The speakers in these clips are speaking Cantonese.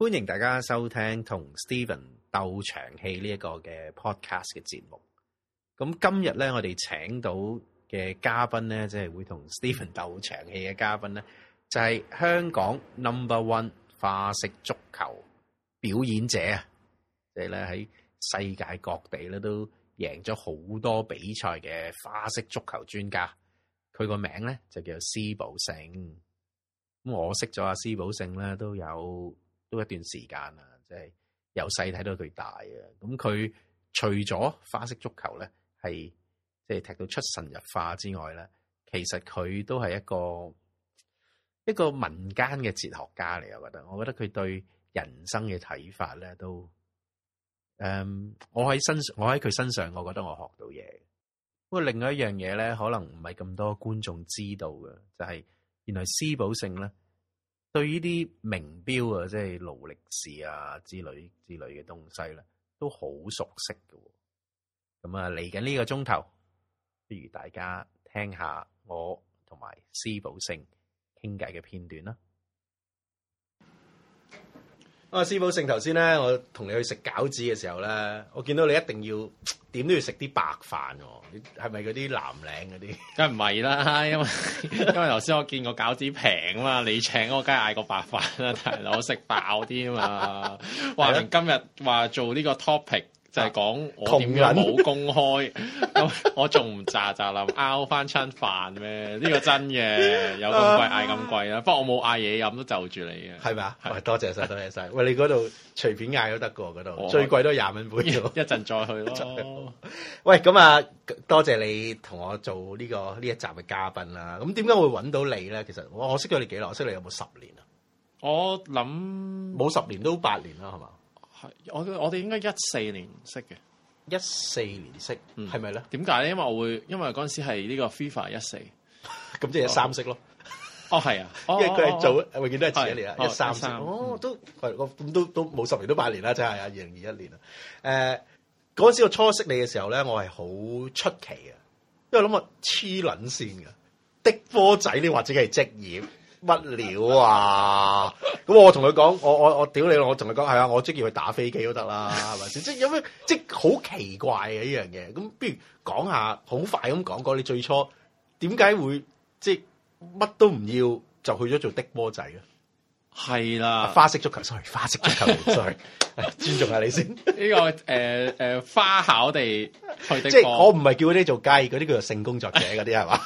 歡迎大家收聽同 Stephen 鬥長氣呢一個嘅 podcast 嘅節目。咁今日咧，我哋請到嘅嘉賓咧，即係會同 Stephen 鬥長氣嘅嘉賓咧，就係香港 number one 花式足球表演者啊！即係咧喺世界各地咧都贏咗好多比賽嘅花式足球專家。佢個名咧就叫做施寶盛。咁我識咗阿施寶盛咧都有，都一段時間啦，即、就、係、是、由細睇到佢大啊！咁佢除咗花式足球咧，係即係踢到出神入化之外咧，其實佢都係一個一個民間嘅哲學家嚟，我覺得。我覺得佢對人生嘅睇法咧，都誒、嗯，我喺身，身上，我喺佢身上，我覺得我學到嘢。不過另外一樣嘢咧，可能唔係咁多觀眾知道嘅，就係、是、原來施保性咧。對呢啲名表啊，即係勞力士啊之類之類嘅東西啦，都好熟悉嘅。咁啊，嚟緊呢個鐘頭，不如大家聽下我同埋施寶盛傾偈嘅片段啦。啊、哦，寶盛頭先咧，我同你去食餃子嘅時候咧，我見到你一定要點都要食啲白飯喎，係咪嗰啲藍領嗰啲？梗係唔係啦，因為因為頭先我見個餃子平啊嘛，你請我梗係嗌個白飯啦，但我食飽啲啊嘛，話明今日話做呢個 topic。就係、是、講我點冇公開、啊，咁 我仲唔渣渣啦，拗翻餐飯咩？呢個真嘅，有咁貴嗌咁貴啊！不過我冇嗌嘢飲都就住你嘅，係咪？多謝晒，多謝晒。那裡 喂，你嗰度隨便嗌都得㗎，嗰度最貴都廿蚊杯。一一陣再去咯。喂，咁啊，多謝你同我做呢、這個呢一集嘅嘉賓啦。咁點解會揾到你咧？其實我我識咗你幾耐？我識你有冇十年啊？我諗冇十年都八年啦，係嘛？係，我我哋應該一四年識嘅，一四年識係咪咧？點解咧？因為我會因為嗰陣時係呢個 FIFA 一四，咁 即係三識咯。 哦係啊，因為佢係做永遠都係一次一年一三識。哦、嗯、都係我咁都都冇十年都八年啦，即係二零二一年啊。誒，嗰陣時我初識你嘅時候咧，我係好出奇啊，因為諗啊黐撚線，噶的波仔，你或者係職業？乜料啊！咁我同佢講，我我我屌你咯！我同佢講，係啊，我職業、哎、去打飛機都得啦，係咪先？即係有咩？即係好奇怪嘅呢樣嘢。咁不如講下，好快咁講過，你最初點解會即係乜都唔要就去咗做的波仔啊？係啦，花式足球，sorry，花式足球，sorry， 尊重下你先、這個。呢個誒誒花巧地去的即，即係我唔係叫嗰啲做雞，嗰啲叫做性工作者嗰啲係嘛？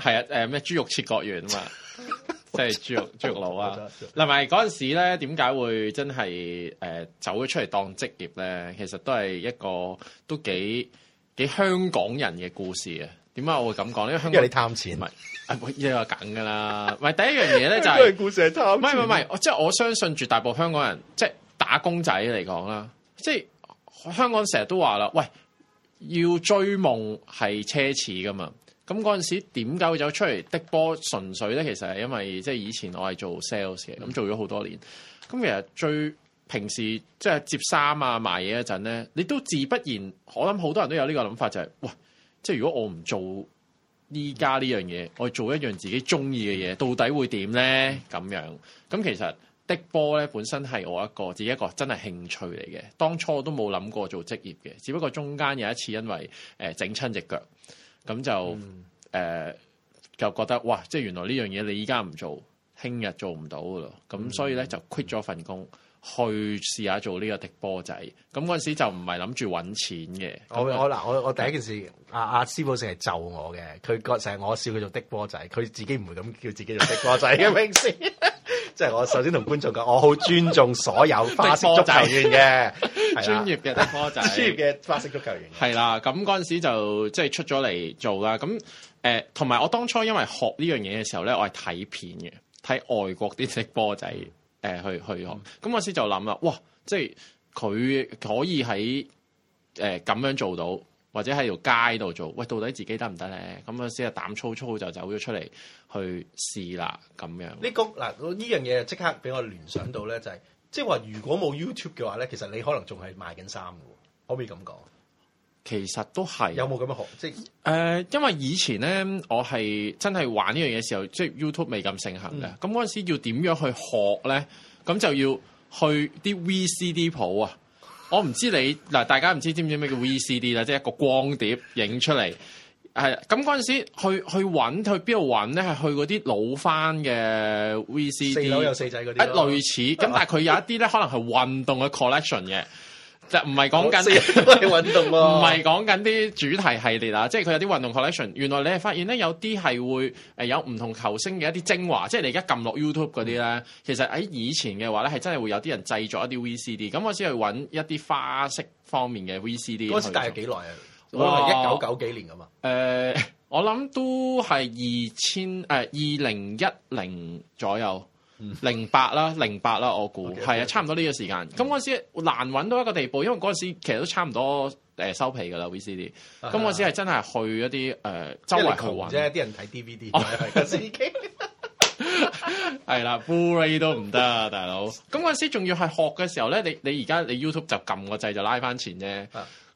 係 啊，誒、呃、咩豬肉切割員啊嘛？ 即係豬肉豬肉佬啊， 同埋嗰陣時咧，點解會真係誒走咗出嚟當職業咧？其實都係一個都幾幾香港人嘅故事啊！點解我會咁講咧？因為香港你貪錢，唔係，呢個梗噶啦，唔 係、啊、 第一樣嘢咧就係、因為、故事係貪。唔係唔係，我即係我相信絕大部分香港人，即係打工仔嚟講啦，即係香港成日都話啦，喂，要追夢係奢侈噶嘛。咁嗰陣時點解會走出嚟的波？純粹咧，其實係因為即係以前我係做 sales 嘅，咁做咗好多年。咁其實最平時即係接衫啊、賣嘢一陣咧，你都自不然。我諗好多人都有呢個諗法，就係，就係嘩，即係如果我唔做依家呢樣嘢，我做一樣自己中意嘅嘢，到底會點咧？咁樣咁其實的波咧本身係我一個自己一個真係興趣嚟嘅。當初都冇諗過做職業嘅，只不過中間有一次因為整親隻腳。咁就誒、嗯呃，就覺得哇！即係原來呢樣嘢你依家唔做，聽日做唔到嘅咯。咁所以咧、嗯、就 quit 咗份工，去試下做呢個的波仔。咁嗰陣時就唔係諗住揾錢嘅。我我嗱我我第一件事，阿阿師傅成日咒我嘅，佢覺成日我笑佢做的波仔，佢自己唔會咁叫自己做的波仔嘅 我平時。 即、就、係、是、我首先同觀眾講，我好尊重所有花式足球員嘅專業嘅波仔，專 業嘅 花， 花式足球員。係啦，咁嗰陣時，就即係、就是、出咗嚟做啦。咁誒同埋我當初因為學呢樣嘢嘅時候咧，我係睇片嘅，睇外國啲踢波仔誒、呃、去去學。咁嗰陣時就諗啦，哇！即係佢可以喺誒咁樣做到。或者喺條街度做，喂，到底自己得唔得咧？咁嗰陣時啊，膽粗粗就走咗出嚟去試啦，咁樣。呢個嗱，呢樣嘢即刻俾我聯想到咧，就係即係話，如果冇 YouTube 嘅話咧，其實你可能仲係賣緊衫嘅，可唔可以咁講？其實都係有冇咁樣學？即係誒，因為以前咧，我係真係玩呢樣嘢時候，即係 YouTube 未咁盛行嘅。咁嗰陣時要點樣去學咧？咁就要去啲 VCD 舖啊！我唔知你嗱，大家唔知知唔知咩叫 VCD 啦，即係一個光碟影出嚟，係咁。嗰陣時去去揾去邊度揾咧？係去嗰啲老翻嘅 VCD，四樓有四仔嗰啲，一類似咁，但係佢有一啲咧，可能係運動嘅 collection 嘅。就唔係講緊運動，唔係講緊啲主題系列啦，即係佢有啲運動 collection。原來你係發現咧，有啲係會，誒有唔同球星嘅一啲精華，即係你而家撳落 YouTube 嗰啲咧，其實喺以前嘅話咧係真係會有啲人製作一啲 VCD。咁我先去揾一啲花式方面嘅 VCD。嗰時大約幾耐啊？我係一九九幾年㗎嘛？誒、哦呃，我諗都係二千誒二零一零左右。零八啦，零八啦，我估係啊，差唔多呢個時間。咁嗰陣時難揾到一個地步，因為嗰陣時其實都差唔多誒收皮噶啦 VCD。咁嗰陣時係真係去一啲誒周圍即係，啲、呃、人睇 DVD，係啦 Blu-ray 都唔得， 大佬。咁嗰陣時仲要係學嘅時候咧，你你而家你 YouTube 就撳個掣就拉翻前啫。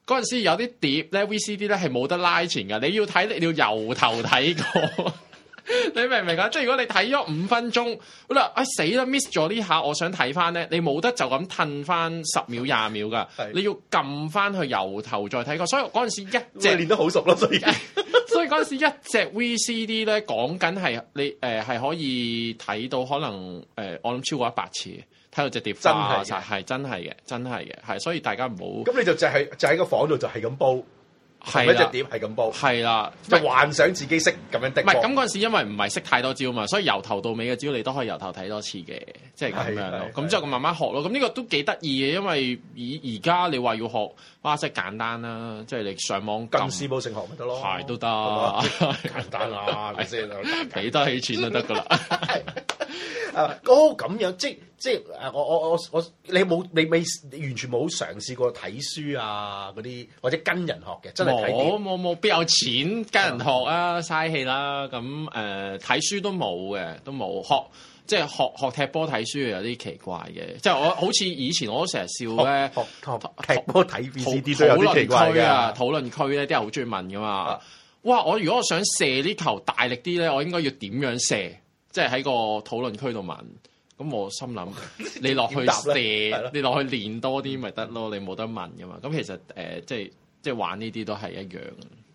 嗰、uh, 陣時有啲碟咧 VCD 咧係冇得拉前噶，你要睇你要由頭睇過。 你明唔明啊？即係如果你睇咗五分鐘，哎，死啦，miss 咗呢下，我想睇翻咧，你冇得就咁褪翻十秒廿秒噶，你要撳翻去由頭再睇過。所以嗰陣時一隻，隻練得好熟咯，所以 所以嗰陣時一隻 VCD 咧，講緊係你誒係、呃、可以睇到可能誒、呃，我諗超過一百次睇到隻碟化晒，係真係嘅，真係嘅，係所以大家唔好。咁你就就係就喺個房度就係咁煲。係一隻碟係咁煲，係啦，就幻想自己識咁樣的。唔係咁嗰陣時，因為唔係識太多招嘛，所以由頭到尾嘅招你都可以由頭睇多次嘅，即係咁樣咯。咁之後咁慢慢學咯。咁呢個都幾得意嘅，因為以而家你話要學，哇！即係簡單啦，即係你上網，今視報成學咪得咯，係都得，都 簡單啦了， 先啦，俾得起錢都得噶啦。 啊，咁樣即即誒，我我我我，你冇你未完全冇嘗試過睇書啊？嗰啲或者跟人學嘅我冇冇，必有錢跟人學啊，嘥氣啦。咁、呃、誒，睇書都冇嘅，都冇學，即係學學踢波睇書有啲奇怪嘅。即係我好似以前，我都成日笑咧，踢波睇 B C D 都有啲奇怪討論區啊，討論區咧，啲人好中意問噶嘛、啊。哇！我如果我想射呢球大力啲咧，我應該要點樣射？即係喺個討論區度問。咁我心諗，你落去射，你落去練多啲咪得咯？你冇、嗯、得問噶嘛？咁、嗯嗯嗯、其實誒、呃，即係。即係玩呢啲都係一樣，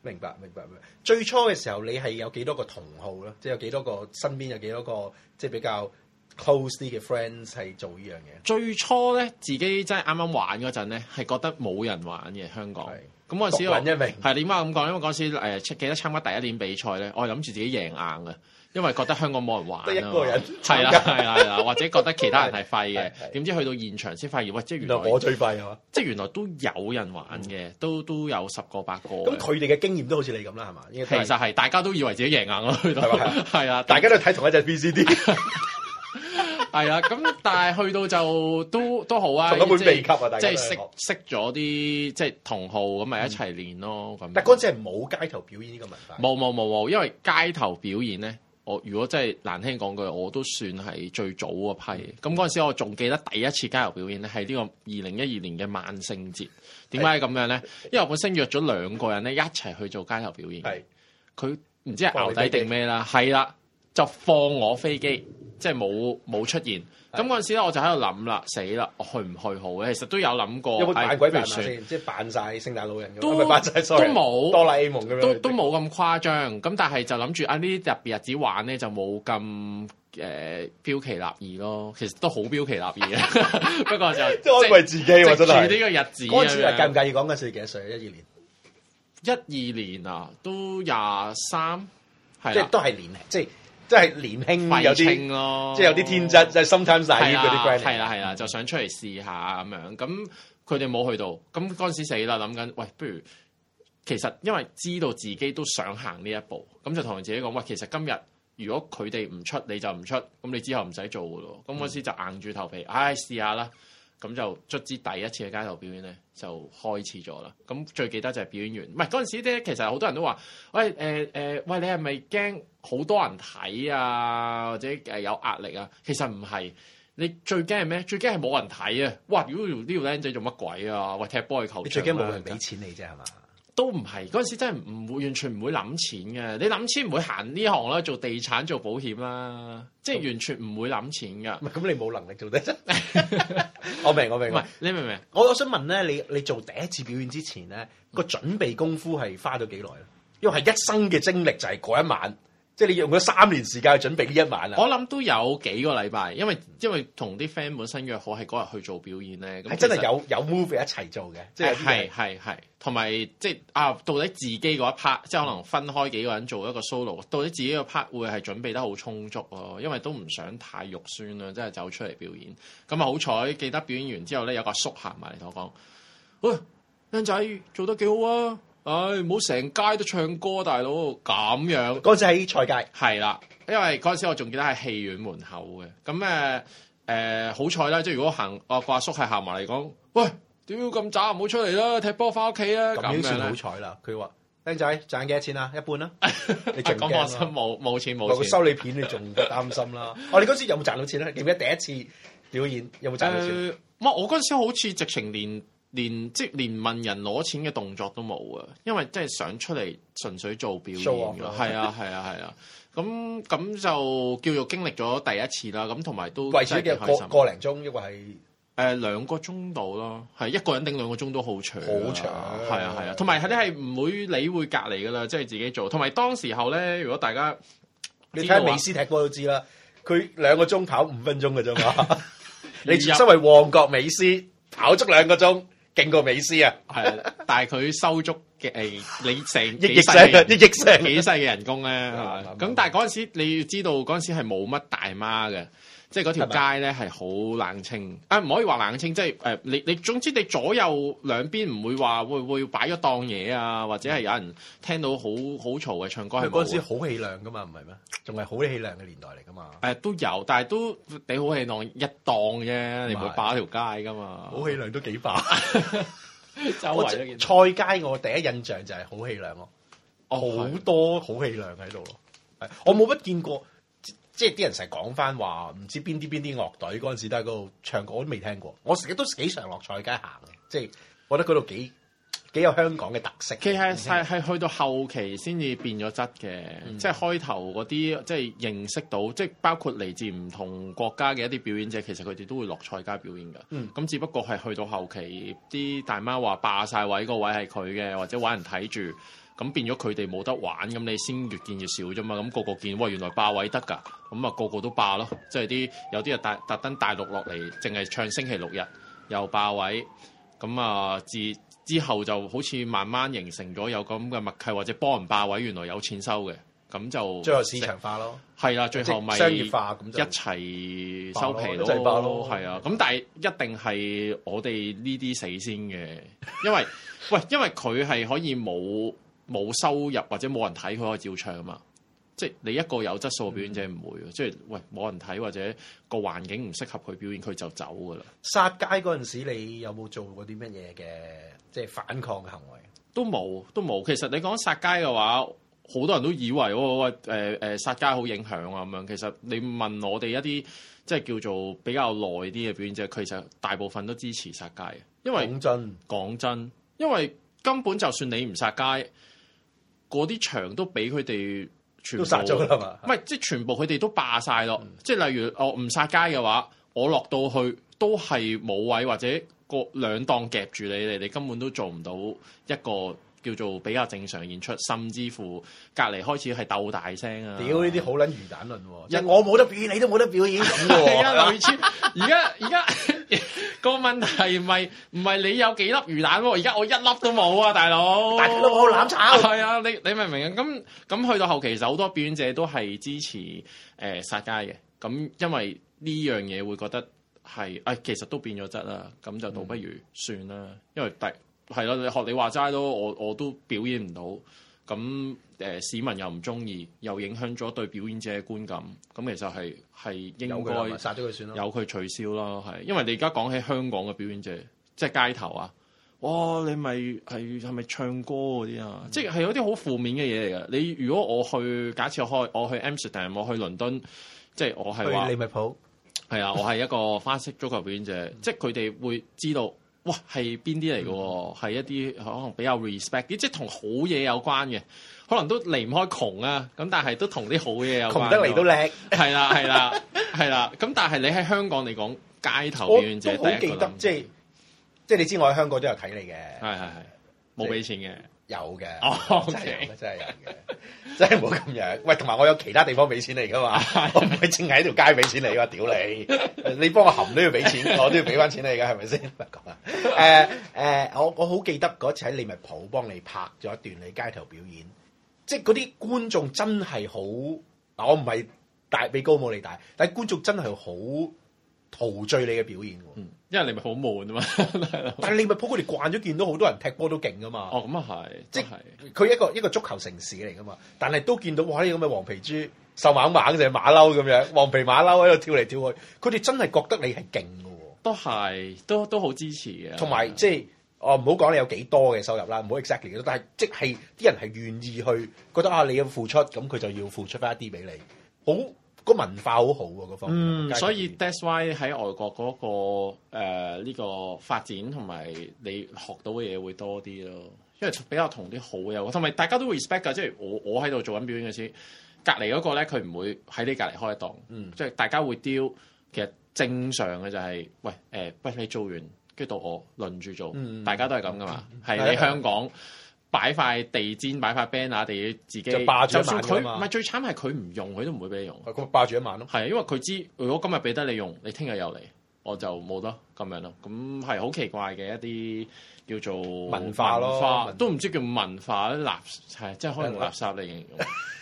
明白明白明白。最初嘅時候，你係有幾多個同好咧？即係有幾多個身邊有幾多個即係比較 close 啲嘅 friends 係做呢樣嘢？最初咧，自己真係啱啱玩嗰陣咧，係覺得冇人玩嘅香港。咁嗰陣時，廢人一名係點解咁講？因為嗰陣時誒，記得參加第一年比賽咧，我諗住自己贏硬嘅，因為覺得香港冇人玩，得一個人係啦，係啦，或者覺得其他人係廢嘅，點知去到現場先發現，喂，即係原來我最廢啊！即係原來都有人玩嘅，嗯，都都有十個八個。咁佢哋嘅經驗都好似你咁啦，係嘛？其實係大家都以為自己贏硬咯，係嘛？係 啊，大家都睇同一隻 B C D。 係 啦、啊，咁但係去到就都都好啊，本秘笈啊，了些即係識識咗啲即係同好咁，咪一齊練咯。咁、嗯、但嗰陣冇街頭表演呢個文化。冇冇冇冇，因為街頭表演咧，我如果真係難聽講句，我都算係最早嗰批的。咁嗰陣時我仲記得第一次街頭表演咧，係呢個二零一二年嘅萬聖節。點解咁樣咧？因為我本身約咗兩個人咧一齊去做街頭表演。係佢唔知係牛仔定咩啦？係啦，就放我飛機。嗯即係冇冇出現，咁嗰陣時咧，我就喺度諗啦，死啦，我去唔去好咧？其實都有諗過，有冇扮鬼扮先，即係扮晒聖誕老人，都都冇，哆啦 A 夢咁樣，都 Sorry, 樣都冇咁誇張。咁但係就諗住啊呢啲特別日子玩咧，就冇咁誒標奇立異咯。其實都好標奇立異啊， 不過就安慰 自己、啊。為住呢個日子，嗰次係介唔介意講嘅？四幾歲啊？一二年，一二年啊，都廿三，即係都係年齡，即係。即係年輕有啲，即係有啲天真、哦，即係 sometimes 嗰啲嗰，係啦係啦，就想出嚟試下咁樣。咁佢哋冇去到，咁嗰陣時死啦，諗緊，喂，不如其實因為知道自己都想行呢一步，咁就同自己講，喂，其實今日如果佢哋唔出你就唔出，咁你之後唔使做嘅咯。咁嗰時就硬住頭皮，唉、嗯哎，試下啦。咁就卒之第一次嘅街頭表演咧就開始咗啦。咁最記得就係表演完，唔係嗰陣時咧，其實好多人都話，喂，誒、欸、誒、欸、喂，你係咪驚好多人睇啊？或者誒有壓力啊？其實唔係，你最驚係咩？最驚係冇人睇啊！哇，如果呢條靚仔做乜鬼啊？喂，踢波去球場啊！你最驚冇人俾錢你啫係嘛？都唔係，嗰陣時真係唔會完全唔會諗錢嘅。你諗錢唔會行呢行啦，做地產做保險啦，即係完全唔會諗錢噶。咁、嗯、你冇能力做得。 我明我明。唔係你明唔明？我我想問咧，你你做第一次表演之前咧，個準備功夫係花咗幾耐咧？因為係一生嘅精力就係嗰一晚。即係你用咗三年時間去準備呢一晚啊！我諗都有幾個禮拜，因為因為同啲 friend 本身約好係嗰日去做表演咧。係真係有有 move 一齊做嘅、嗯，即係係係係，同埋即係啊！到底自己嗰一 part 即係可能分開幾個人做一個 solo，、嗯、到底自己個 part 會係準備得好充足咯、啊，因為都唔想太肉酸啦、啊，即係走出嚟表演。咁啊好彩，記得表演完之後咧，有個叔行埋嚟同我講，喂、哎，靚仔做得幾好啊！唉、哎，唔好成街都唱歌，大佬咁樣。嗰陣喺賽界係啦，因為嗰陣時我仲記得喺戲院門口嘅。咁誒誒，好彩啦！即係如果行阿阿叔係行埋嚟講，喂，屌咁渣，唔好出嚟啦，踢波翻屋企啊！咁樣算好彩啦。佢話，靚仔賺幾多錢啊？一半啦、啊，你仲驚、啊？冇 冇、啊啊、錢冇收你片你仲擔心啦、啊。我哋嗰陣時有冇賺到錢咧、啊？記唔記得第一次表演有冇賺到錢、啊？唔、呃、我嗰陣時好似直情連。連即係連問人攞錢嘅動作都冇啊！因為真係想出嚟純粹做表演嘅，係啊係啊係啊！咁咁、啊啊啊 嗯、就叫做經歷咗第一次啦。咁同埋都為咗嘅過個零鐘，一個係誒、哎、兩個鐘度咯，係一個人定兩個鐘都好長，好長係啊係啊！同埋、啊啊啊、你係唔會理會隔離噶啦，即、就、係、是、自己做。同埋當時候咧，如果大家你睇下美斯踢波都知啦，佢兩個鐘跑五分鐘嘅啫嘛。你身為旺角美斯跑足兩個鐘。勁過美斯啊，係，啊，但係佢收足嘅，誒、 哎，你 成億億聲，億億聲，幾細嘅人工咧、啊，係 咁但係嗰陣時 你要知道，嗰陣時係冇乜大媽嘅。即係嗰條街咧，係好冷清。啊，唔可以話冷清，即係誒，你你總之你左右兩邊唔會話會會擺咗檔嘢啊，或者係有人聽到好好嘈嘅唱歌係咪？係。嗰時好氣量噶嘛，唔係咩？仲係好氣量嘅年代嚟噶嘛？誒、啊，都有，但係都你好氣量一檔啫，你唔會霸一條街噶嘛？好氣量都幾霸。 周圍菜街，我第一印象就係好氣量咯，oh, 好多好氣量喺度咯。我冇乜見過。即係啲人成日講返話，唔知邊啲邊啲樂隊嗰陣時都喺嗰度唱歌，我都未聽過。我成日都幾常落菜街行嘅，即係我覺得嗰度幾幾有香港嘅特色嘅。其實係係係去到後期先至變咗質嘅、嗯，即係開頭嗰啲，即係認識到，即係包括嚟自唔同國家嘅一啲表演者，其實佢哋都會落菜街表演嘅。咁、嗯、只不過係去到後期，啲大媽話霸晒位，個位係佢嘅，或者揾人睇住。咁變咗佢哋冇得玩，咁你先越見越少啫嘛。咁、那個個見，喂，原來霸位得㗎，咁、那、啊個個都霸咯。即係啲有啲啊，特特登大陸落嚟，淨係唱星期六日又霸位。咁啊，之後就好似慢慢形成咗有咁嘅默契，或者幫人霸位，原來有錢收嘅。咁就最後市場化咯。係啦、啊，最後咪商業化，咁一齊收皮咯。係啊、咁、就是啊、但係一定係我哋呢啲死先嘅，因為 喂，因為佢係可以冇。冇收入或者冇人睇，佢可以照唱啊嘛？即係你一個有質素嘅表演者唔會嘅，嗯、即係喂，冇人睇或者個環境唔適合佢表演，佢就走㗎啦。殺街嗰陣時，你有冇做過啲乜嘢嘅即係反抗嘅行為？都冇，都冇。其實你講殺街嘅話，好多人都以為喂誒誒殺街好影響啊咁樣。其實你問我哋一啲即係叫做比較耐啲嘅表演者，佢其實大部分都支持殺街嘅，因為講真講真，因為根本就算你唔殺街。嗰啲牆都俾佢哋，全部都殺咗啦嘛！唔係即係全部佢哋都霸晒咯、嗯。即係例如我唔殺街嘅話，我落到去都係冇位或者個兩檔夾住你哋，你根本都做唔到一個，叫做比較正常演出，甚至乎隔籬開始係鬥大聲啊！屌呢啲好撚魚蛋論喎、啊，我冇得表演，你都冇得表演喎、啊。而家而家個問題咪唔係你有幾粒魚蛋喎？而家 我一粒都冇啊，大佬！大佬都冇攬炒係啊！你你明唔明啊？咁咁去到後期就好多表演者都係支持誒殺街嘅，咁、呃、因為呢樣嘢會覺得係誒、哎、其實都變咗質啦，咁就倒不如算啦、嗯，因為第。係咯、啊，你學你話齋都，我我都表演唔到，咁、呃、市民又唔中意，又影響咗對表演者嘅觀感，咁其實係係應該有佢殺咗佢算咯，有佢取消咯，係因為你而家講起香港嘅表演者，即係街頭啊，哇、哦！你咪係咪唱歌嗰啲啊？嗯、即係有啲好負面嘅嘢嚟噶。你如果我去，假設我去，我去 Amsterdam，我去倫敦，即係我係話你咪普係啊，我係一個花式足球表演者， 即係佢哋會知道。哇，係邊啲嚟喎？係、嗯、一啲可能比較 respect，即係同好嘢有關嘅，可能都離唔開窮啊。咁但係都同啲好嘢有關。窮得嚟都叻，係啦，係 啦，係啦。咁但係你喺香港嚟講，街頭表演者好記得，即係即係你知我喺香港都有睇你嘅，係係冇俾錢嘅。就是有嘅，oh, okay.，真係真係有嘅，真係冇咁樣。喂，同埋我有其他地方俾錢你噶嘛。 我唔係淨係喺條街俾錢你㗎，屌你！你幫我含都要俾錢， 我都要俾翻錢你噶，係咪先？咁啊。誒誒，我我好記得嗰次喺利物浦幫你拍咗一段你街頭表演，即係嗰啲觀眾真係好，我唔係大比高冇你大，但係觀眾真係好陶醉你嘅表演喎。嗯因為你咪好悶啊嘛， 但係你咪鋪佢哋慣咗，見到好多人踢波都勁㗎嘛。哦，咁啊係，即係佢一個一個足球城市嚟㗎嘛，但係都見到哇，呢啲咁嘅黃皮豬瘦蜢蜢成馬騮咁樣，黃皮馬騮喺度跳嚟跳去，佢哋真係覺得你係勁㗎喎。都係，都都好支持嘅。同埋即係，哦唔好講你有幾多嘅收入啦，唔好 exactly 但係即係啲人係願意去覺得啊，你嘅付出，咁佢就要付出返一啲俾你，好。個文化好好啊，嗰方面。嗯，所以 that's why 喺外國嗰、嗰個呢、呃呢個發展同埋你學到嘅嘢會多啲咯，因為比較同啲好友同埋大家都 respect 噶，即係我我喺度做緊表演嘅時候，隔離嗰個咧佢唔會喺你隔離開一檔，嗯，即係大家會 deal。其實正常嘅就係喂誒，喂、呃、你做完跟住到我輪住做、嗯，大家都係咁噶嘛，係、嗯、喺香港。擺塊地氈，擺塊 banner 啊，地嘅自己就霸住一晚啊，就算唔係，最慘係佢唔用，佢都唔會俾你用。佢、嗯、霸住一晚咯。係，因為佢知如果今日俾得你用，你聽日又嚟，我就冇得咁樣咯。咁係好奇怪嘅一啲叫做文化，文化咯，都唔知叫文化啲垃係，即係可能垃圾嚟形容。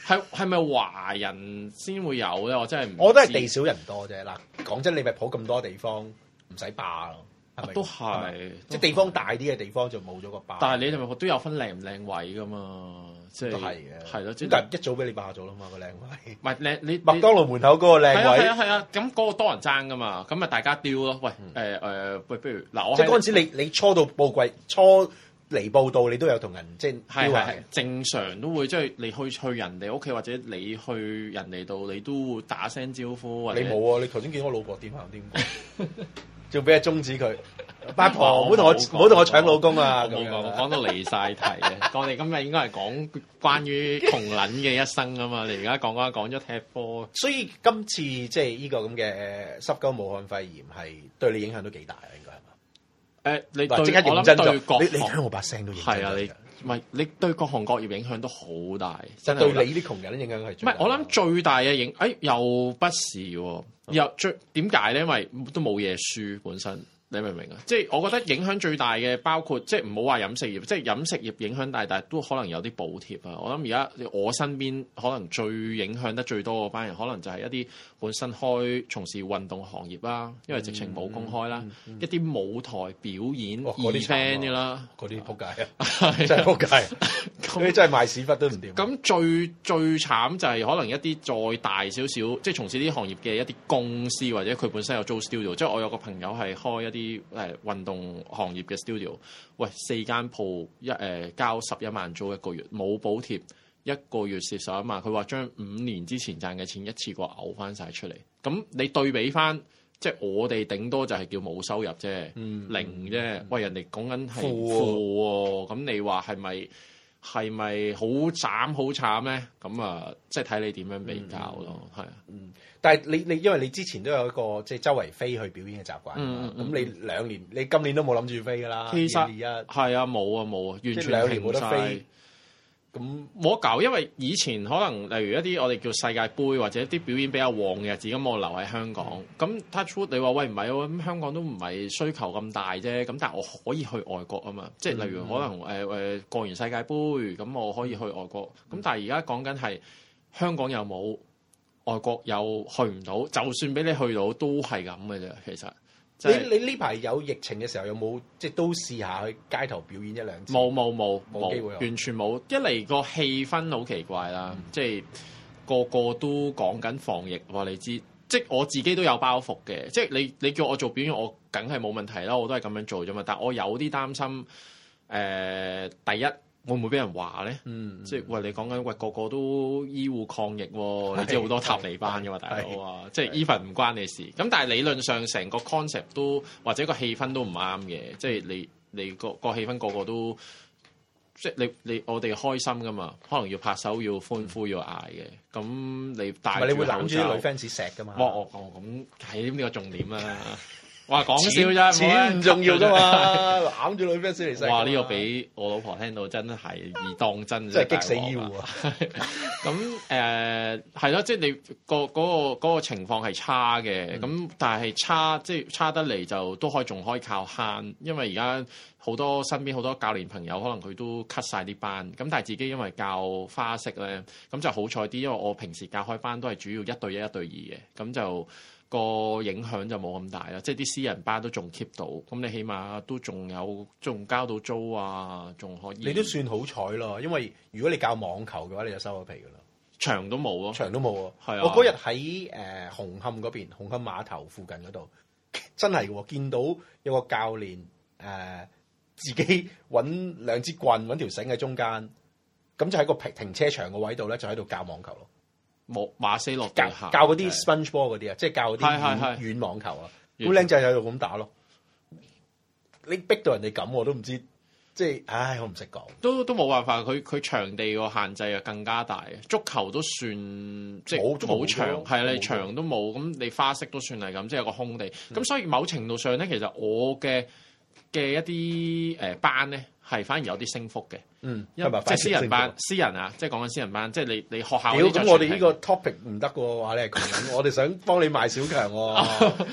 係，係咪華人先會有咧？我真係唔，我都係地少人多啫。嗱，講真，你咪抱咁多地方，唔使霸咯。啊、都係，即係地方大啲嘅地方就冇咗個霸。但係你同埋我都有分靚唔靚位㗎嘛，即係係嘅。係咯，咁、即係、但一早俾你霸咗啦嘛，嗰個靚位。唔係你，你麥當勞門口嗰個靚位。係啊係啊，咁嗰、啊啊啊嗰個多人爭㗎嘛，咁咪大家丟咯。喂誒誒，喂，不、嗯呃呃呃呃、如嗱、呃，我即係嗰陣時你你初到報櫃，初嚟報到，你都有同人即係係正常都會，即、就、係、係、你去去人哋屋企或者你去人哋度，你都會打聲招呼。你冇啊？你頭先見我老婆點啊點下？點下 仲俾人中止佢，八婆唔好同我唔好同我搶老公啊！咁講到離晒題啊！我哋 今日應該係講關於窮撚嘅一生啊嘛！你而家講講講咗踢波，所以今次即係呢個咁嘅濕鳩武漢肺炎係對你影響都幾大啊！應該係咪？你即刻認真咗，你你聽我把聲都認真唔係，你對各行各業影響都好大，真係對你啲窮人影響係最大。唔係，我諗最大嘅影，誒、哎、又不是、啊，又、啊、最點解咧？因為都冇嘢輸本身。你明唔明啊？即係我覺得影響最大嘅包括，即係唔好話飲食業，即係飲食業影響大，大都可能有啲補貼啊。我諗而家我身邊可能最影響得最多嗰班人，可能就係一啲本身開從事運動行業啦，因為直情冇工開啦、嗯嗯嗯。一啲舞台表演啲 friend 嘅啦，啲撲街啊，真係撲街，咁、啊、 你真係賣屎忽都唔掂。咁 最最慘就係可能一啲再大少少，即係從事呢啲行業嘅一啲公司，或者佢本身有租 studio，即係我有個朋友係開一啲。啲誒運動行業嘅 studio，喂四間鋪一誒、呃、交十一萬租一個月，冇補貼，一個月蝕十一萬。佢話將五年之前賺嘅錢一次過嘔翻晒出嚟。咁你對比翻，即係我哋頂多就係叫冇收入啫、嗯，零啫、嗯。喂，人哋講緊係負，咁、哦、你話係咪係咪好慘好慘咧？咁啊，即係睇你點樣比較咯，係、嗯、啊。但係你你，因為你之前都有一個即係、就是、周圍飛去表演嘅習慣咁、嗯、你兩年、嗯，你今年都冇諗住飛噶啦，其實係啊，冇啊冇啊，完全停曬、就是、兩年冇得飛。咁冇得搞，因為以前可能例如一啲我哋叫世界盃或者一啲表演比較旺嘅日子，咁我留喺香港。咁、嗯、touch wood，你話喂唔係喎，咁、啊、香港都唔係需求咁大啫。咁但係我可以去外國啊嘛，即係例如可能誒誒、嗯、過完世界盃，咁我可以去外國。咁、嗯、但係而家講緊係香港又冇。外國有去唔到，就算俾你去到都係咁嘅啫。其實，即係、你你呢排有疫情嘅時候有冇，有冇即係都試下去街頭表演一兩次？冇冇冇冇機會，完全冇。一嚟個氣氛好奇怪啦、嗯，即係個個都講緊防疫喎。我話你知，即係我自己都有包袱嘅。即係你你叫我做表演，我梗係冇問題啦。我都係咁樣做啫嘛。但我有啲擔心，誒、呃，第一。我會唔會俾人話咧？嗯，即係喂，你講緊喂，個個都醫護抗疫、哦，你知好多塔利班噶嘛？大佬啊，即係呢份唔關你事。咁但係理論上，成個 concept 都或者個氣氛都唔啱嘅。即係你你個個氣氛個個都，即係你你我哋開心噶嘛？可能要拍手、要歡呼、嗯、要嗌嘅。咁你戴住口罩，但係你會攬住啲老 fans 錫噶嘛？哦哦，咁係呢個重點啦、啊。 話講笑啫，錢唔重要啫嘛，攬 住女朋友先嚟。哇！呢、呢個俾我老婆聽到真係易當真， 真係激死我。咁誒係咯，即、uh, 係、就是、你、那個嗰、那個嗰、那個情況係差嘅，咁、嗯、但係差即係、就是、差得嚟就都可以仲可以靠慳，因為而家好多身邊好多教練朋友可能佢都 cut 晒啲班，咁但係自己因為教花式咧，咁就好彩啲，因為我平時教開班都係主要一對一、一對二嘅，咁就。個影響就冇咁大啦，即係啲私人班都仲 keep 到，咁你起碼都仲有仲交到租啊，仲可以。你都算好彩咯，因為如果你教網球嘅話，你就收咗皮噶啦，場都冇咯，場都冇喎。係啊。我嗰日喺誒紅磡嗰邊，紅磡碼頭附近嗰度，真係見到有個教練、呃、自己揾兩支棍，揾條繩喺中間，咁就喺個停車場個位度咧，就喺度教網球咯。冇馬斯洛教教嗰啲 sponge ball 嗰啲啊，即係教嗰啲軟網球啊，好靚仔喺度咁打咯。你逼到人哋咁我都唔知，即係唉，我唔識講。都都冇辦法，佢佢場地個限制又更加大。足球都算即係冇場，係啊，你場都冇，咁你花式都算係咁，即、就、係、是、個空地。咁、嗯、所以某程度上咧，其實我嘅嘅一啲、呃、班咧。係，反而有啲升幅嘅。嗯，因為即係私人班，啊、私人啊，即係講緊私人班，即係你你學校的這。咁我哋呢個 topic 唔得嘅話咧，你係窮人 我哋想幫你賣小強，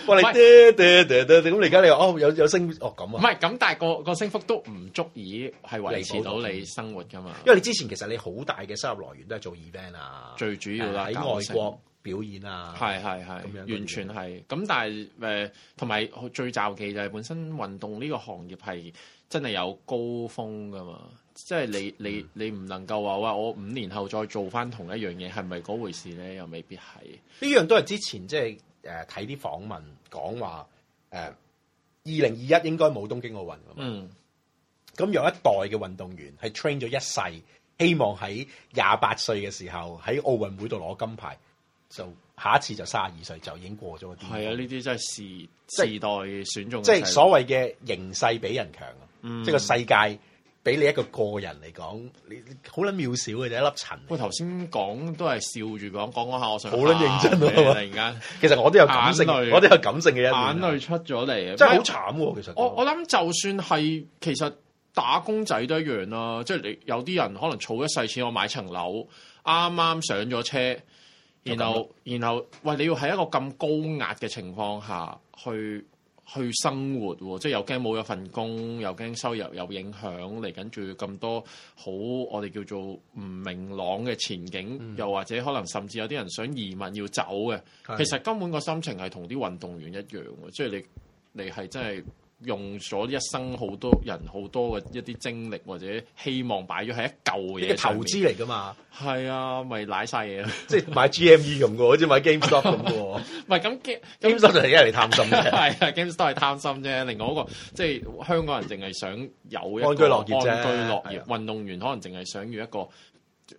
幫你爹爹爹爹，咁而家你哦有有升哦咁啊。唔係咁，但係個個升幅都唔足以係維持到你生活噶嘛。因為你之前其實你好大嘅收入來源都係做 event 啊，最主要啦喺外國。表演啊，係係係，咁樣完全係咁、嗯嗯。但係誒，同、呃、埋最罩忌，忌的就係本身運動呢個行業係真係有高峰噶嘛？即、就、係、是、你你、嗯、你唔能夠話話我五年後再做翻同一樣嘢，係咪嗰回事咧？又未必係呢樣。都係之前即係誒睇啲訪問講話誒，二零二一應該冇東京奧運咁。嗯，咁、就是呃呃有，嗯、有一代嘅運動員係 train 咗一世，希望喺廿八歲嘅時候喺奧運會度攞金牌。就下一次就卅二歲就已經過咗啲，就是。係啊，呢啲真係時時代選中的世代,即係所謂嘅形勢比人強啊、嗯！即係個世界俾你一個個人嚟講，你好捻渺小嘅啫，一粒塵。我頭先講都係笑住講，講講下我想好捻認真啊！啊哎、突然間，其實我都有，有感性，我都有感性嘅一面，眼淚出咗嚟，真係好慘。其實、啊、我我諗，就算係其實打工仔都一樣啦、啊，即係你有啲人可能儲一世錢，我買層樓，啱啱上咗車。然後，然後，喂，你要喺一個咁高壓嘅情況下去去生活，即係又驚冇咗份工，又驚收入有影響，嚟緊仲要咁多好，我哋叫做唔明朗嘅前景，嗯，又或者可能甚至有啲人想移民要走嘅，其實根本個心情係同啲運動員一樣，即係你你係真係。用咗一生好多人好多嘅一啲精力或者希望擺咗喺一舊嘢，是投資嚟噶嘛？係啊，咪瀨晒嘢囉，即 係買 GME 咁嘅，好似買 GameStop 咁嘅。唔係咁 GameStop 就係一嚟貪心嘅， 係啊 GameStop 係貪心啫。另外嗰，那個即係，就是，香港人淨係想有安居樂業啫，安居樂業。運、啊、動員可能淨係想要一個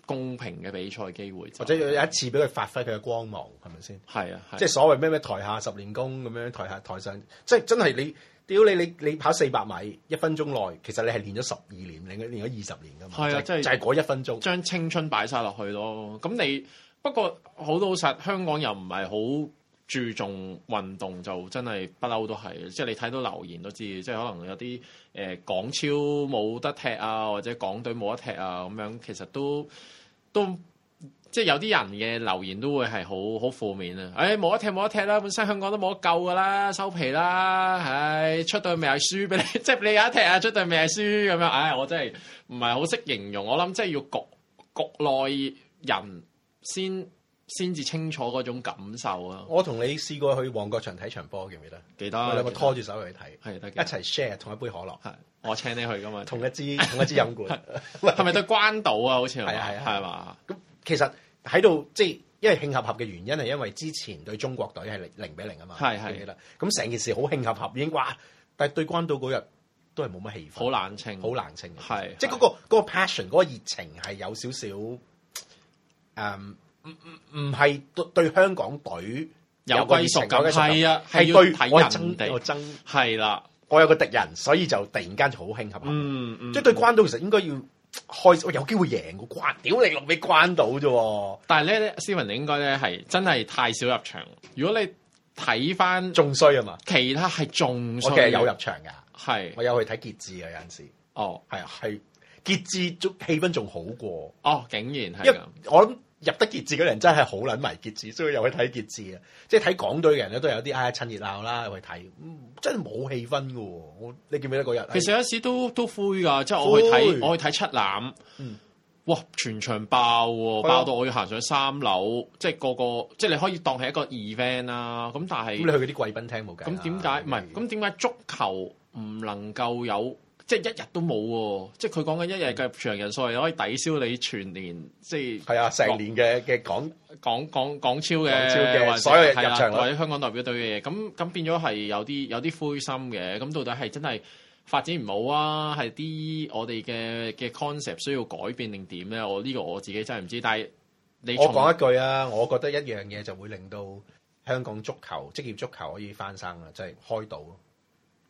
公平嘅比賽機會，就是啊啊，或者有一次俾佢發揮佢嘅光芒，係咪先？係啊，即係，啊就是，所謂咩咩台下十年功咁樣，台下台上，即、就、係、是、真係你。屌你！你你跑四百米，一分鐘內，其實你係練咗十二年，你練咗二十年㗎嘛？係啊，就係嗰一分鐘，將青春擺晒落去咯。咁你不過好老實，香港又唔係好注重運動，就真係不嬲都係。即係你睇到留言都知，即係可能有啲誒港超冇得踢啊，或者港隊冇得踢啊咁樣，其實都都。即係有啲人嘅留言都會係好好負面啊！唉、哎，冇得踢冇得踢啦，本身香港都冇得救噶啦，收皮啦！唉、哎，出對命輸俾你，即係你而家踢啊，出對命輸。咁樣。唉，我真係唔係好識形容，我諗即係要局局內人先先至清楚嗰種感受啊！我同你試過去旺角場睇場波記唔記，記，記得？記得，我兩個拖住手去睇，係一齊 share，同一杯可樂，係我請你去㗎嘛，同一支 同一支飲管，係咪 對關島啊？好似係係係嘛咁。其實喺度即係因為慶合合嘅原因係因為之前對中國隊係零,零比零啊嘛，係係啦。咁成件事好慶合合已經哇，但係對關島嗰日都係冇乜氣氛，好冷清，好冷清。係即係嗰、嗰個是是嗰個 passion，嗰個熱情係有少少誒，唔唔唔係對對香港隊有歸屬感係啊，係對是人我爭，我爭係啦，我有個敵人，所以就突然間、嗯嗯、就好慶合合，即係對關島其實應該要。開我有機會贏個關，屌你落俾關到啫！但係咧 Stephen 你應該咧係真係太少入場。如果你睇翻，仲衰啊嘛！其他係仲衰，我其實有入場噶，係我有去睇傑志啊，有陣時哦，係啊，係傑志仲氣氛仲好過哦，竟然係我。入得傑志嗰啲人真係好撚迷傑志，所以又去睇傑志。啊！即係睇港隊嘅人咧，都有啲唉趁熱鬧啦，去睇，真係冇氣氛噶喎！我你記唔記得嗰日？其實有時都都灰噶，即係我去睇我去睇七欖、嗯，哇！全場爆喎，爆到我要行上三樓，即係個個即係你可以當係一個 event 啦。咁但係咁你去嗰啲貴賓廳，冇計，咁點解唔係？咁點解足球唔能夠有？即係一日都冇喎，即係佢講緊一日嘅入場人數係可以抵消你全年，即係啊成年嘅嘅港港港超嘅所有入場或者香港代表隊嘅嘢，咁咁變咗係有啲有啲灰心嘅。咁到底係真係發展唔好啊？係啲我哋嘅嘅 concept 需要改變定點咧？我呢個我自己真係唔知。但係你我講一句啊，我覺得一樣嘢就會令到香港足球、職業足球可以翻生啊！即係開到咯，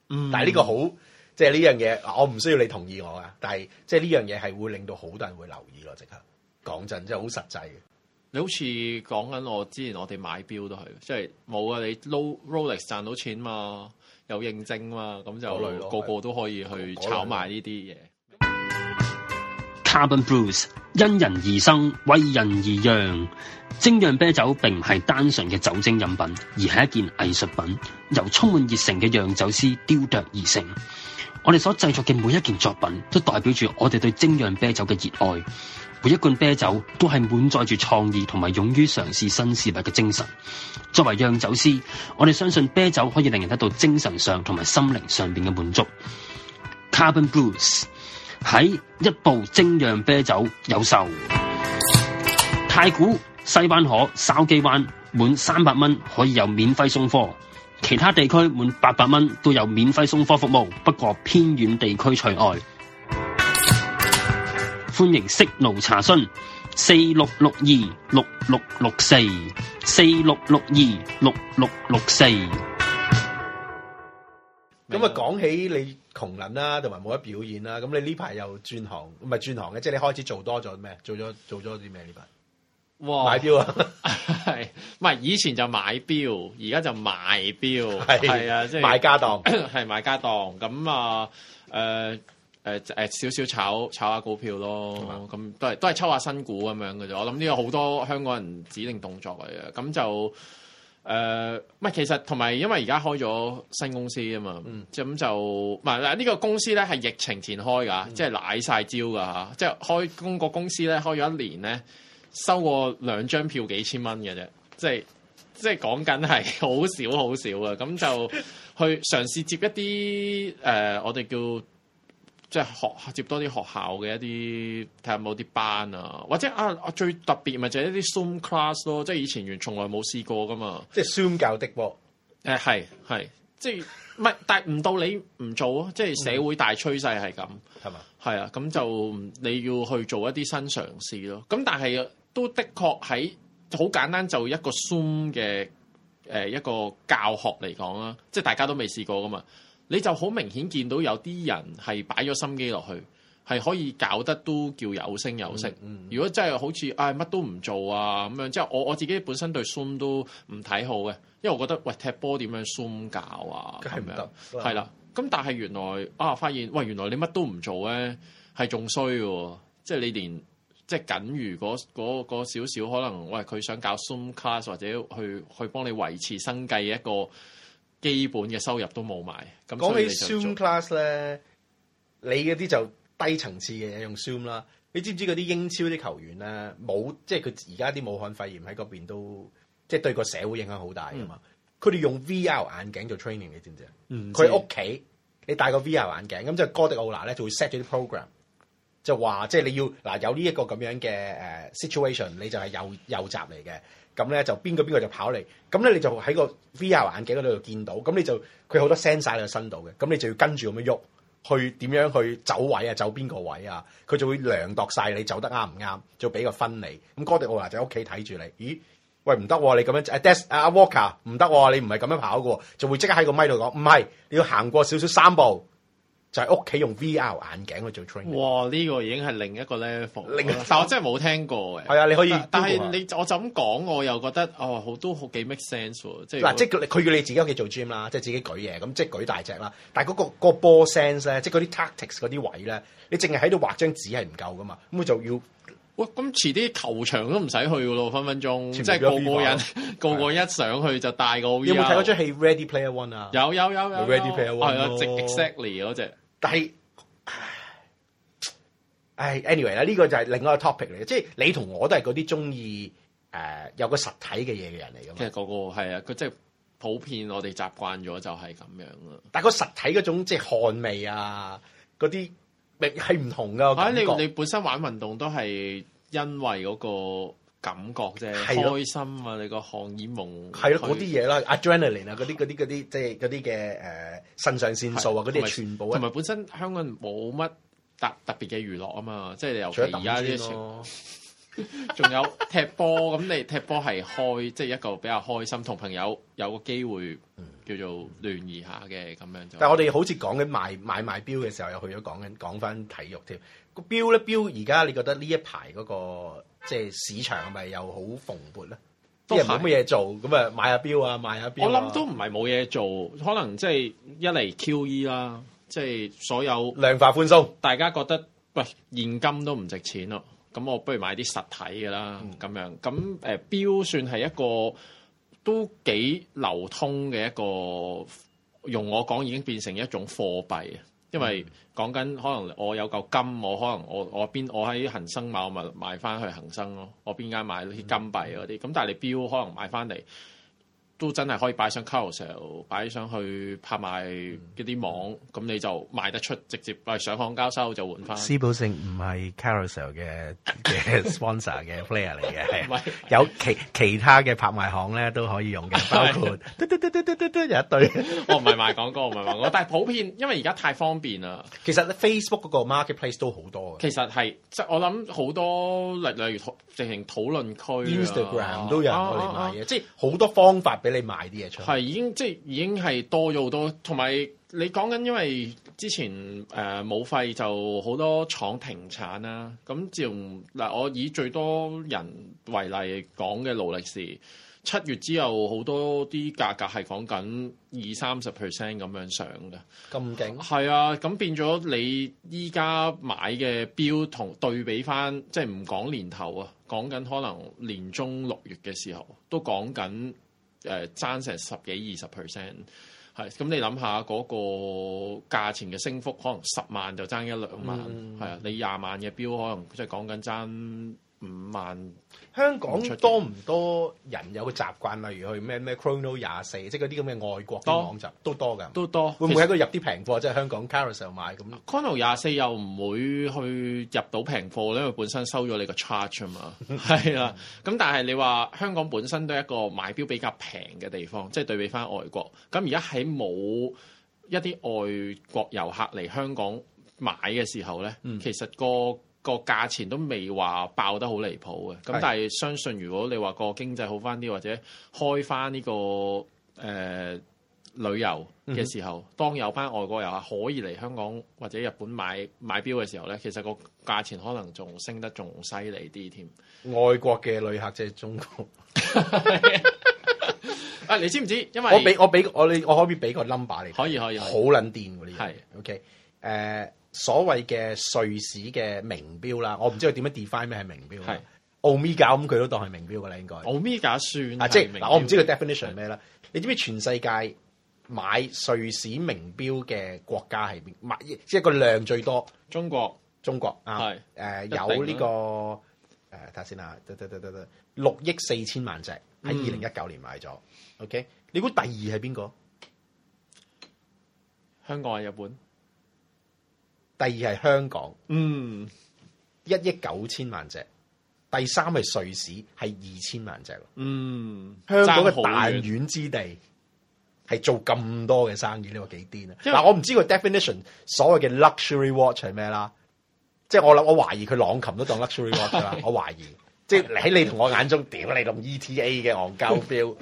嗯，但係呢個好。即係呢樣嘢，我唔需要你同意我啊！但係，即係呢樣嘢係會令到好多人會留意咯。即刻講真，即係好實際嘅。你好似講緊我之前，我哋買表都係，即係冇啊！你撈 Rolex 賺到錢嘛，有認證嘛，咁就類個個都可以去炒賣呢啲嘢。Carbon Brews 因人而生，為人而釀。精釀啤酒並唔係單純嘅酒精飲品，而係一件藝術品，由充滿熱誠嘅釀酒師雕琢而成。我哋所製作嘅每一件作品，都代表住我哋對精釀啤酒嘅熱愛。每一罐啤酒都係滿載住創意同埋勇於嘗試新事物嘅精神。作為釀酒師，我哋相信啤酒可以令人得到精神上同埋心靈上面嘅滿足。Carbon Blues 喺一部精釀啤酒有售。太古西灣河筲箕灣滿三百蚊可以有免費送貨。其他地區滿八百蚊都有免費送貨服務，不過偏遠地區除外。歡迎 Signal 查詢：四六六二六六六四，四六六二六六六四。咁啊，講起你窮人啦，同埋冇得表演啦，咁你呢排又轉行，唔係轉行嘅，即係你開始做多咗咩？做咗做咗啲咩呢排？哇買表啊，係唔係？以前就買表，而家就賣、是、表，係係啊，即係買家當，係賣家當。咁啊，誒誒誒，少、呃、少、呃呃呃呃呃、炒炒下股票咯，咁、嗯、都係都係抽下新股咁樣嘅啫。我諗呢個好多香港人指定動作嚟嘅，咁就誒唔係，其實同埋因為而家開咗新公司啊嘛，咁、嗯、就唔係嗱呢個公司咧係疫情前開噶，即係奶晒招噶吓，即、就、係、是、開中國公司咧開咗一年咧。收過兩張票幾千蚊嘅啫，即係即係講緊係好少好少啊。咁就去嘗試接一啲誒、呃，我哋叫即係學接多啲學校嘅一啲睇下有冇啲班啊，或者啊啊最特別咪就係一啲 Zoom class 咯，即係以前原從來冇試過噶嘛，即係 Zoom 教的噃。誒係係，即係唔係？但係唔到你唔做啊！即係社會大趨勢係咁係嘛，係、嗯、啊！咁就你要去做一啲新嘗試咯。咁但係。都的確喺好簡單，就一個 zoom 嘅誒、呃、一個教學嚟講啦，即係大家都未試過噶嘛。你就好明顯見到有啲人係擺咗心機落去，係可以搞得都叫有聲有色、嗯嗯。如果真係好似啊乜都唔做啊咁樣，即係我我自己本身對 zoom 都唔睇好嘅，因為我覺得喂，踢波點樣 zoom 教啊咁樣，係、嗯、啦。咁但係原來啊發現，喂原來你乜都唔做咧，係仲衰嘅，即係你連。即係僅如嗰少少可能，喂佢想搞 Zoom class 或者去去幫你維持生計一個基本嘅收入都冇埋。講起 Zoom class 咧，你嗰啲就低層次嘅嘢，用 Zoom 啦。你知唔知嗰啲英超啲球員咧冇？即係佢而家啲武漢肺炎喺嗰邊都，即係對個社會影響好大㗎嘛。佢、嗯、哋用 VR 眼鏡做 training 你知唔知啊？佢屋企你戴個 VR 眼鏡，咁就哥迪奧娜咧就會 set 咗啲 program。就話即係你要嗱、啊、有呢一個咁樣嘅、uh, situation，你就係右閘嚟嘅。咁咧就邊個邊個就跑嚟。咁咧你就喺個 VR 眼鏡嗰度見到。咁你就佢好多 send 晒你個身度嘅。咁你就要跟住咁樣喐，去點樣去走位啊？走邊個位啊？佢就會量度晒你走得啱唔啱，就俾個分你。咁哥迪奧拿就喺屋企睇住你。咦？喂唔得喎！你咁樣，阿 Des 阿 Walker 唔得喎！你唔係咁樣跑嘅，就會即刻喺個咪度講唔係，你要行過少少三步。就喺屋企用 VR 眼鏡去做 training。哇！呢、呢個已經係另一個 level。但我真係冇聽過嘅。係啊，你可以。但係你我就咁講，我又覺得哦，都好幾 make sense、啊。即係嗱，即係佢叫你自己屋企做 gym 啦，即係自己舉嘢咁，即係舉大隻啦。但係、嗰、嗰個嗰、嗰個、ball sense 咧，即係嗰啲 tactics 嗰啲位咧，你淨係喺度畫張紙係唔夠噶嘛？咁佢就要。哇！咁遲啲球場都唔使去噶咯，分分鐘。即係個個人個人個人一上去就戴個、v。有冇睇嗰出戲 Ready Player One 啊？有有有，有，有，有 Ready Player One 係啊，exactly that one。但係，唉，anyway 啦，呢、anyway，個就係另外一個 topic 嚟嘅，即係你同我都係嗰啲中意誒有個實體嘅嘢嘅人嚟嘅。即係嗰個係啊，佢即係普遍，我哋習慣咗就係咁樣啦。但係個實體嗰種即係汗味啊，嗰啲係唔同噶。嚇，你你本身玩運動都係因為嗰、嗰個。感覺啫，開心啊！你個荷爾蒙係咯，嗰啲嘢啦，adrenaline 啊，嗰啲嗰啲嗰啲，即係嗰啲嘅誒腎上腺素啊，嗰啲、呃、全部，同埋本身香港冇乜特特別嘅娛樂啊嘛，即係尤其而家啲，仲 有踢波咁， 你踢波係開，即、就、係、是、一個比較開心，同朋友有個機會、嗯、叫做聯誼下嘅咁樣就。但係我哋好似講緊買買買表嘅時候，又去咗講緊講翻體育添。個表咧，表而家你覺得呢一排嗰、嗰個？即係市場係咪又好蓬勃咧？都係冇乜嘢做，咁啊買下標啊，買下標啊。我諗都唔係冇嘢做，可能即係一嚟 QE 啦，即係所有量化寬鬆，大家覺得喂現金都唔值錢咯，咁我不如買啲實體嘅啦。咁樣咁誒，標算係一個都幾流通嘅一個，用我講已經變成一種貨幣。因為講緊可能我有嚿金，我可能我我邊我喺恒生買，我咪買翻去恒生咯。我邊間買啲金幣嗰啲，咁但係你標可能買翻嚟。都真係可以擺上 Carousel，擺上去拍賣嗰啲網，咁你就賣得出，直接喂上行交收就換翻。施寶盛唔係 Carousel 嘅、嘅 sponsor 嘅 player 嚟嘅，係 是 有其其他嘅拍賣行咧都可以用嘅，包括 有一對。我唔係賣廣告，我唔係賣廣告， 但係普遍因為而家太方便啦。其實 Facebook 嗰個 marketplace 都好多嘅。其實係即係我諗好多例例如直情討論區、Instagram、啊、都有人嚟買嘢、啊，即係好多方法。俾你買啲嘢出係已經即係已經係多咗好多，同埋你講緊，因為之前冇費、呃、就好多廠停產啦。咁自從嗱，我以最多人為例講嘅勞力士七月之後2，好多啲價格係講緊二三十 percent 咁樣上㗎。咁勁？係啊。咁變咗你依家買嘅錶同對比翻，即係唔講年頭啊，講緊可能年中六月嘅時候都講緊。誒、呃，爭成十幾二十 percent，係咁你諗下嗰個價錢嘅升幅，可能十萬就爭一兩萬，係、嗯、啊，你廿萬嘅標，可能即係講緊爭。五萬不香港多唔多人有個習慣，例如去咩咩 Chrono 廿四，Chrono24, 即係嗰啲咁嘅外國的網站都多㗎，都多,都多會唔會喺度入啲平貨，即係香港 Carousell 買咁咯？Chrono 廿四又唔會去入到平貨，因為本身收咗你個 charge 啊嘛。係 啦，咁但係你話香港本身都係一個買表比較平嘅地方，即係對比翻外國。咁而家喺冇一啲外國遊客嚟香港買嘅時候咧，嗯、其實個。個價錢都未話爆得好離譜嘅，咁但係相信如果你話個經濟好翻啲，或者開翻、這、呢個誒、呃、旅遊嘅時候，嗯、當有翻外國遊客可以嚟香港或者日本買買錶嘅時候咧，其實個價錢可能仲升得仲犀利啲添。外國嘅旅客即係中國 你知唔知？因為我俾我俾我你，我可唔可以俾個 number 你，可以可以，好撚掂呢啲，係，OK，誒、uh,。所謂嘅瑞士嘅名錶啦、嗯，我唔知佢點樣 define 咩係名錶。奧米伽咁佢都當係名錶㗎啦，應該。奧米伽算是名錶啊，即係，嗱，我唔知佢 definition 咩啦。你知唔知全世界買瑞士名錶嘅國家係邊？買即係個量最多。中國，中國啊，係誒、呃、有呢、這個誒睇下先啦，六、呃、億四千萬隻喺二零一九年買咗、嗯。OK，你估第二係邊個？香港啊，日本。第二係香港，嗯，一億九千萬隻。第三係瑞士，係二千萬隻。嗯，香港嘅彈丸之地，係、嗯、做咁多嘅生意，呢個幾癲啊！嗱，我唔知個 definition，所謂嘅 luxury watch 係咩啦？即係我諗，我懷疑佢朗琴都當 luxury watch 啦。我懷疑，是即係喺你同我眼中，屌你咁 ETA 嘅戇鳩 feel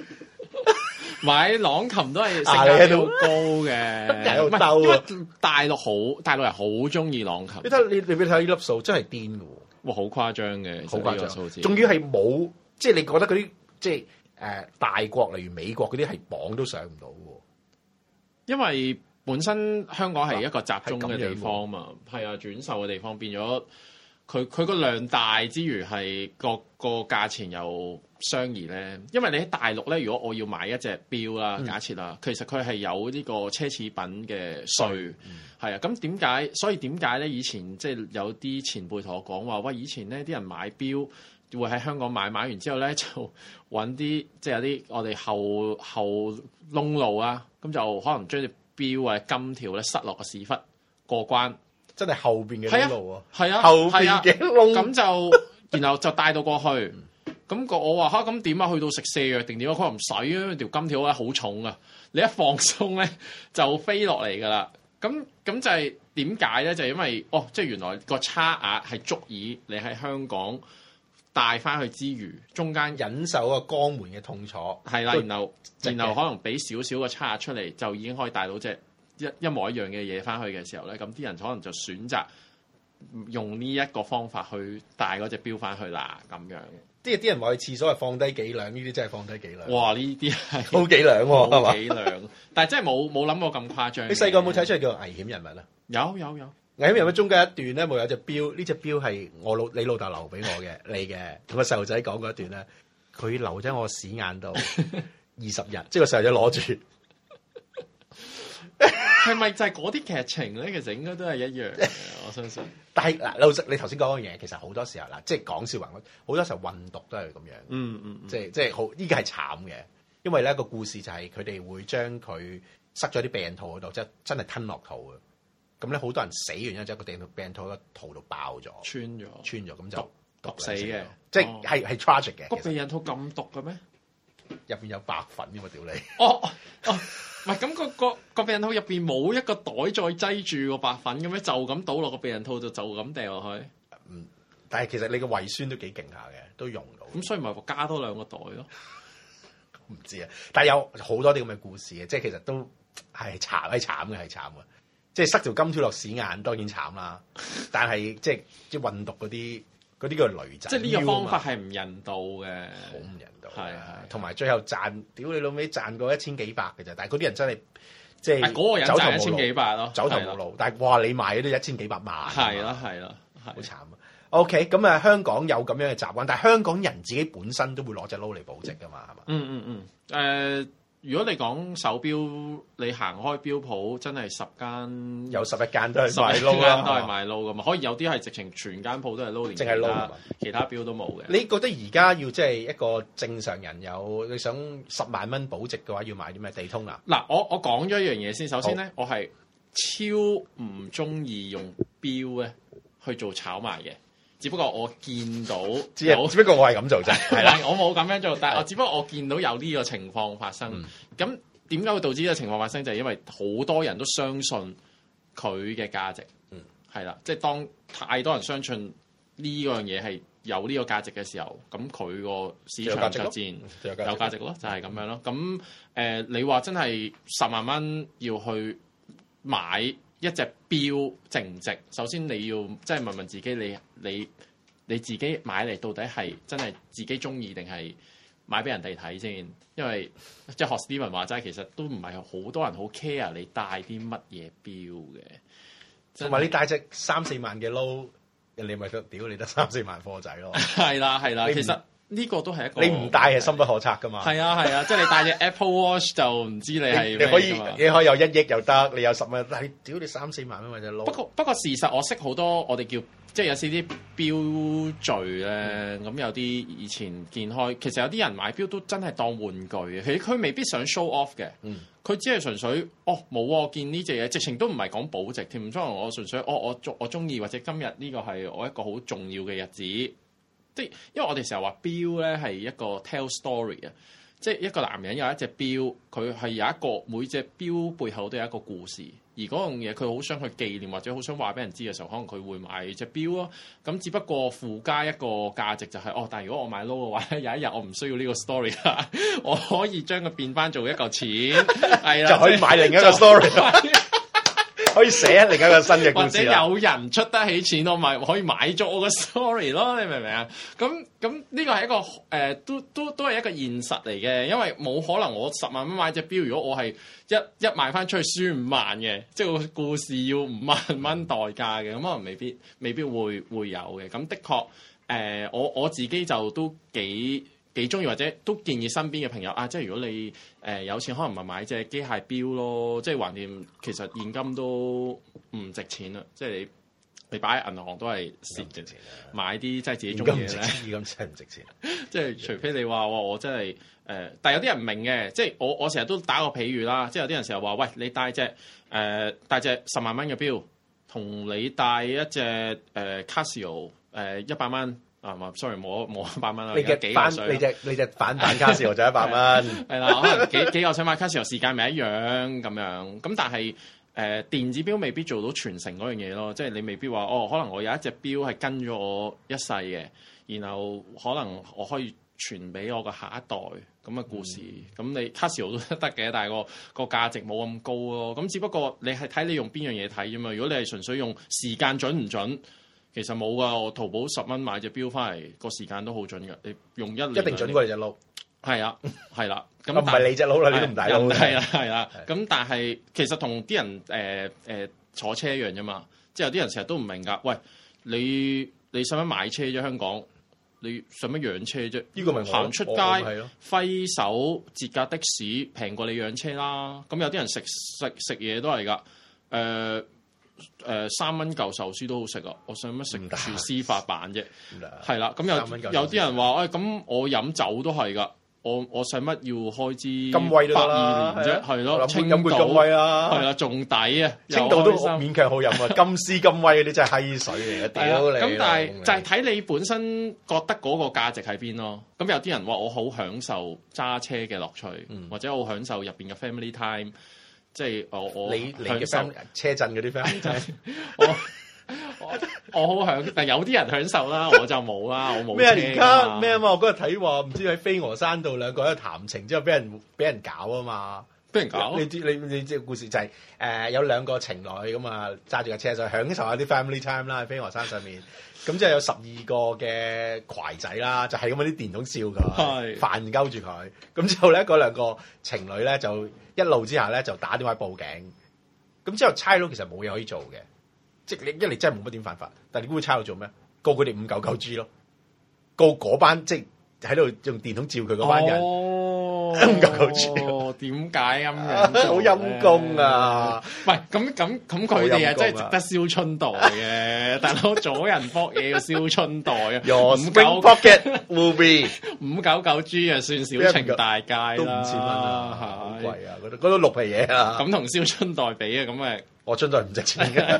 買浪琴都係成交都高嘅，啊，唔係因為大陸好，大陸人好中意浪琴。你睇你你睇呢粒數真係癲嘅，哇好誇張嘅，好誇張。仲要係冇，即係你覺得嗰啲即係誒、呃、大國例如美國嗰啲係榜都上唔到嘅。因為本身香港係一個集中嘅地方嘛，係啊，轉售嘅地方變咗。佢佢個量大之餘係個個價錢又相而相宜咧，因為你喺大陸咧，如果我要買一隻表啦，假設啦，嗯、其實佢係有呢個奢侈品嘅稅，係、嗯、啊，咁點解？所以點解咧？以前即係有啲前輩同我講話，喂，以前咧啲人買表會喺香港買，買完之後咧就搵啲即係有啲我哋後後窿路啊，咁就可能將啲表啊金條咧塞落個屎忽過關。真係後面嘅路啊！係啊，後面嘅路咁，啊啊，就，然後就帶到過去。咁 我話咁點啊？去到食瀉藥定點啊？可能唔使啊，條金條咧好重啊，你一放鬆咧就飛落嚟噶啦。咁咁就係點解咧？就係，因為哦，即係原來個差額係足以你喺香港帶翻去之餘，中間忍受個肛門嘅痛楚。係啦，啊，然後然後可能俾少少個差額出嚟，就已經可以帶到隻。一一模一樣嘅嘢翻去嘅時候咧，咁啲人可能就選擇用呢一個方法去帶嗰隻錶翻去啦，咁樣即係啲啲人話去廁所係放低幾兩，呢啲真係放低幾兩。哇！呢啲好幾兩喎，啊，冇幾兩。但係真係冇冇諗過咁誇張。你細個有冇睇出嚟叫做危險人物啊？有有有。危險人物中間一段咧，冇有隻錶？呢隻錶係我老 你老豆留俾我嘅。你嘅同個細路仔講嗰一段咧，佢留喺我屎眼度二十日，即係個細路仔攞住。係 咪就係嗰啲劇情咧？其實應該都係一樣我相信。 但係嗱，老實你頭先講嘅嘢，其實好多時候嗱，即係講笑話，好多時候運毒都係咁樣的。嗯嗯。即係、嗯、即係好，依個係慘嘅，因為咧個故事就係佢哋會將佢塞咗啲避孕套喺度，即係真係吞落肚嘅。咁咧，好多人死完之後，個避孕套避孕套個肚度爆咗，穿咗，穿咗，咁就毒,毒死嘅，即係係係 tragic 嘅。嗰個避孕套咁毒嘅咩？入邊有白粉嘅嘛？屌你！哦 哦，唔係咁個、嗰個、嗰個避孕套入邊冇一個袋再擠住個白粉咁樣，就咁倒落個避孕套就就咁掉落去。唔、嗯，但係其實你嘅胃酸都幾勁下嘅，都溶到。咁所以咪加多兩個袋咯？唔知啊，但係有好多啲咁嘅故事嘅，即係其實都係慘係慘嘅，係慘嘅，即係塞條金條落屎眼，當然慘啦。 但係即係即係運毒嗰啲。嗰啲叫女仔，即係呢個方法係唔人道嘅，好唔人道。係啊，同埋最後賺，屌你老味賺過一千幾百嘅啫，但係嗰啲人真係即係嗰、嗰個人賺一千幾百咯，走投無路。但係哇，你買都一千幾百萬，係啦，係啦好慘啊！OK，咁啊，香港有咁樣嘅習慣，但係香港人自己本身都會攞隻撈嚟保值噶嘛，係嘛？嗯嗯嗯，嗯呃如果你講手表，你行開表鋪，真係十間有十一間，啊、十一間都係賣撈啊，都係賣撈噶嘛。可以有啲係直情全間鋪都係撈，淨係撈，其他表都冇嘅。你覺得而家要即係一個正常人有，你想十萬蚊保值嘅話，要買啲咩地通啊？嗱，我我講咗一樣嘢先，首先咧，我係超唔中意用表咧去做炒賣嘅。只不過我見到只，只不過我係咁做啫，係啦， 我冇咁樣做，但係我只不過我見到有呢個情況發生。咁點解會導致呢個情況發生？就係、是、因為好多人都相信佢嘅價值，嗯，係啦，即係當太多人相信呢樣嘢係有呢個價值嘅時候，咁佢個市場就自然有價值咯，就係咁、就是、樣咯。咁、嗯、誒、呃，你話真係十萬蚊要去買？一隻錶值唔值？首先你要即係問問自己你，你你你自己買嚟到底係真係自己中意定係買俾人哋睇先？因為即係學 Stephen 話齋，其實都唔係好多人好 care 你戴啲乜嘢錶嘅，同埋你戴隻三四萬嘅撈，你咪得屌你得三四萬貨仔咯。係啦，係啦，其實。呢、這個都係一個，你唔戴係深不可測噶嘛？係啊係啊，是啊 即係你戴隻 Apple Watch 就唔知你係。你可以，你可以有一億又得，你有十萬，但係屌你三四萬蚊或者撈。不過不過事實我識好多，我哋叫即係有少少標錶咧。咁、嗯、有啲以前見開，其實有啲人買錶都真係當玩具嘅，其實佢未必想 show off 嘅。嗯，佢只係純粹哦，冇喎，見呢隻嘢，直情都唔係講保值添。可能我純粹，哦、我我我中意，或者今日呢個係我一個好重要嘅日子。即係因為我哋成日話表咧係一個 tell story 啊，即係一個男人有一隻表，佢係有一個每隻表背後都有一個故事，而嗰樣嘢佢好想去紀念或者好想話俾人知嘅時候，可能佢會買隻錶咯。咁只不過附加一個價值就係、是，哦，但係如果我買 low 嘅話咧，有一日我唔需要呢個 story 啦，我可以將佢變翻做一個錢，係 啦，就可以買另一個 story。 可以寫另一個新嘅故事，或者有人出得起錢，我咪可以買咗我嘅 story 咯。你明唔明啊？咁咁呢個係一個誒、呃，都都都係一個現實嚟嘅。因為冇可能我十萬蚊買隻錶，如果我係一一賣返出去輸五萬嘅，即係個故事要五萬蚊代價嘅，咁可能未必未必會會有嘅。咁的確誒、呃，我我自己就都幾幾中意或者都建議身邊嘅朋友啊，即係如果你誒、呃、有錢，可能咪買隻機械表咯，即係橫掂。其實現金都唔值錢啊。即係你你擺喺銀行都係蝕唔值錢啊！買啲即係自己中意嘅，咁值唔值錢，值錢，值錢 即係除非你話我真係誒、呃，但係有啲人唔明嘅，即係我我成日都打個比喻啦，即係有啲人成日話：喂，你戴隻誒戴、呃、隻十萬蚊嘅表，同你戴一隻誒 Casio 誒一百蚊。呃 Casio，呃 Sorry，冇冇一百蚊啦。你嘅幾， 是的 幾？你只你只反反卡士號就一百蚊，係啦。幾幾？我想買卡士號，時間咪一樣咁樣。咁但係誒、呃，電子錶未必做到傳承嗰樣嘢咯。即、就、係、是、你未必話哦，可能我有一隻錶係跟咗我一世嘅，然後可能我可以傳俾我個下一代咁嘅故事。咁、嗯、你卡士號都得嘅，但係個個價值冇咁高咯。咁只不過你係睇你用邊樣嘢睇啫嘛。如果你係純粹用時間準唔準？其實冇㗎，我淘寶十蚊買隻表返嚟，個時間都好準㗎。你用一年一定準，你過你隻勞，係啊，係啦。咁 我唔係你隻勞啦，你唔準係啦係啦。咁但係其實同啲人誒誒、呃呃、坐車一樣啫嘛。即係有啲人成日都唔明㗎。喂，你你使乜買車啫？香港你使乜養車啫？呢、呢個咪行出街揮手截架的士平過你養車啦。咁有啲人食食食嘢都係㗎。誒、呃。誒、呃，三蚊舊壽司都好食啊！我想乜食廚師發辦啫，係啦。咁有有啲人話，誒，咁、哎、我飲酒都係噶，我我想乜要開支金威啦，八二年啫，係咯，青島金威啊，係啊，仲抵啊，青島都勉強好飲啊， 金絲金威嗰啲真係閪水嚟嘅，屌你 咁但係、嗯、就係、是、睇你本身覺得嗰個價值喺邊咯。咁有啲人話我好享受揸車嘅樂趣、嗯，或者我享受入邊嘅 family time。即係我我享受車震嗰啲 friend，我我我好享，但有啲人享受啦，我就冇啦，我冇。咩而家咩啊嘛？我嗰日睇話唔知喺飛鵝山度兩個喺度談情，之後俾人俾人搞啊嘛，俾人搞。你知你你知故事就係、是呃、有兩個情侶咁啊，揸住架車就享受一下啲 family time 啦，喺飛鵝山上面。 咁即係有十二個嘅攜仔啦，就係咁啲電筒照佢，煩 鳩住佢。咁之後咧，嗰兩個情侶咧就一路之下咧就打電話報警。咁之後差佬其實冇嘢可以做嘅，即係你一嚟真係冇乜點犯法，但係你估會差佬做咩？告佢哋 599G 咯，告嗰班即係喺度用電筒照佢嗰班人。哦五九九 G，點解咁嘅？好陰功啊！唔係咁咁咁，佢哋啊真係值得燒春袋嘅。大佬阻人博嘢要燒春袋啊，五九九 G，五九九 G 啊，算小情大街五千蚊啦，好貴啊！嗰啲嗰啲六皮嘢啊，咁同燒春袋比啊，咁咪？我春袋唔值錢嘅，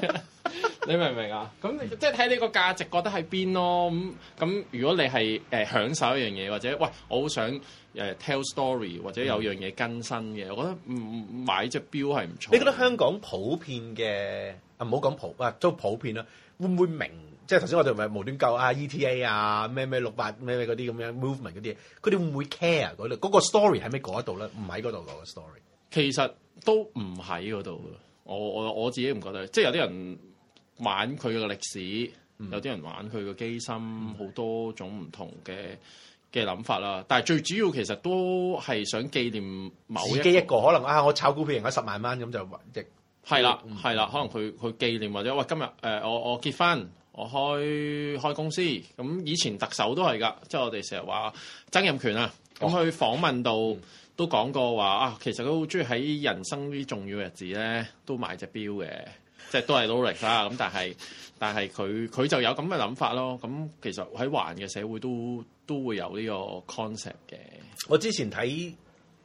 你明唔明啊？咁你即係睇你個價值覺得喺邊咯？咁咁，如果你係誒享受一樣嘢，或者喂，我好想。誒 tell story 或者有樣嘢更新嘅，我覺得買隻表係唔錯。你覺得香港普遍嘅啊，唔好講普啊，都普遍啦，會唔會明？即係頭先我哋無端救啊，ETA 啊，咩咩六百咩咩嗰啲咁樣 movement 嗰啲嘢，佢哋會唔會 care 嗰度？嗰個 story 係咩？嗰度咧，唔喺嗰度個 story。其實都唔喺嗰度。我我我自己唔覺得，即係有啲人玩佢個歷史，有啲人玩佢個機芯，好多種唔同嘅。嘅諗法啦，但係最主要其實都係想紀念某一個，一個可能啊，我炒股票贏咗十萬蚊咁就亦係啦，係啦、嗯，可能佢去紀念或者喂今日誒、呃、我我結婚，我開開公司咁，以前特首都係㗎，即、就、係、是、我哋成日話曾蔭權啊，咁去訪問到、哦、都講過話啊，其實佢好鍾意喺人生啲重要嘅日子咧都買隻表嘅，即、就、係、是、都係勞力啦，咁但係 但係佢佢就有咁嘅諗法咯，咁其實喺華人嘅社會都。都會有呢個 concept 嘅。我之前睇，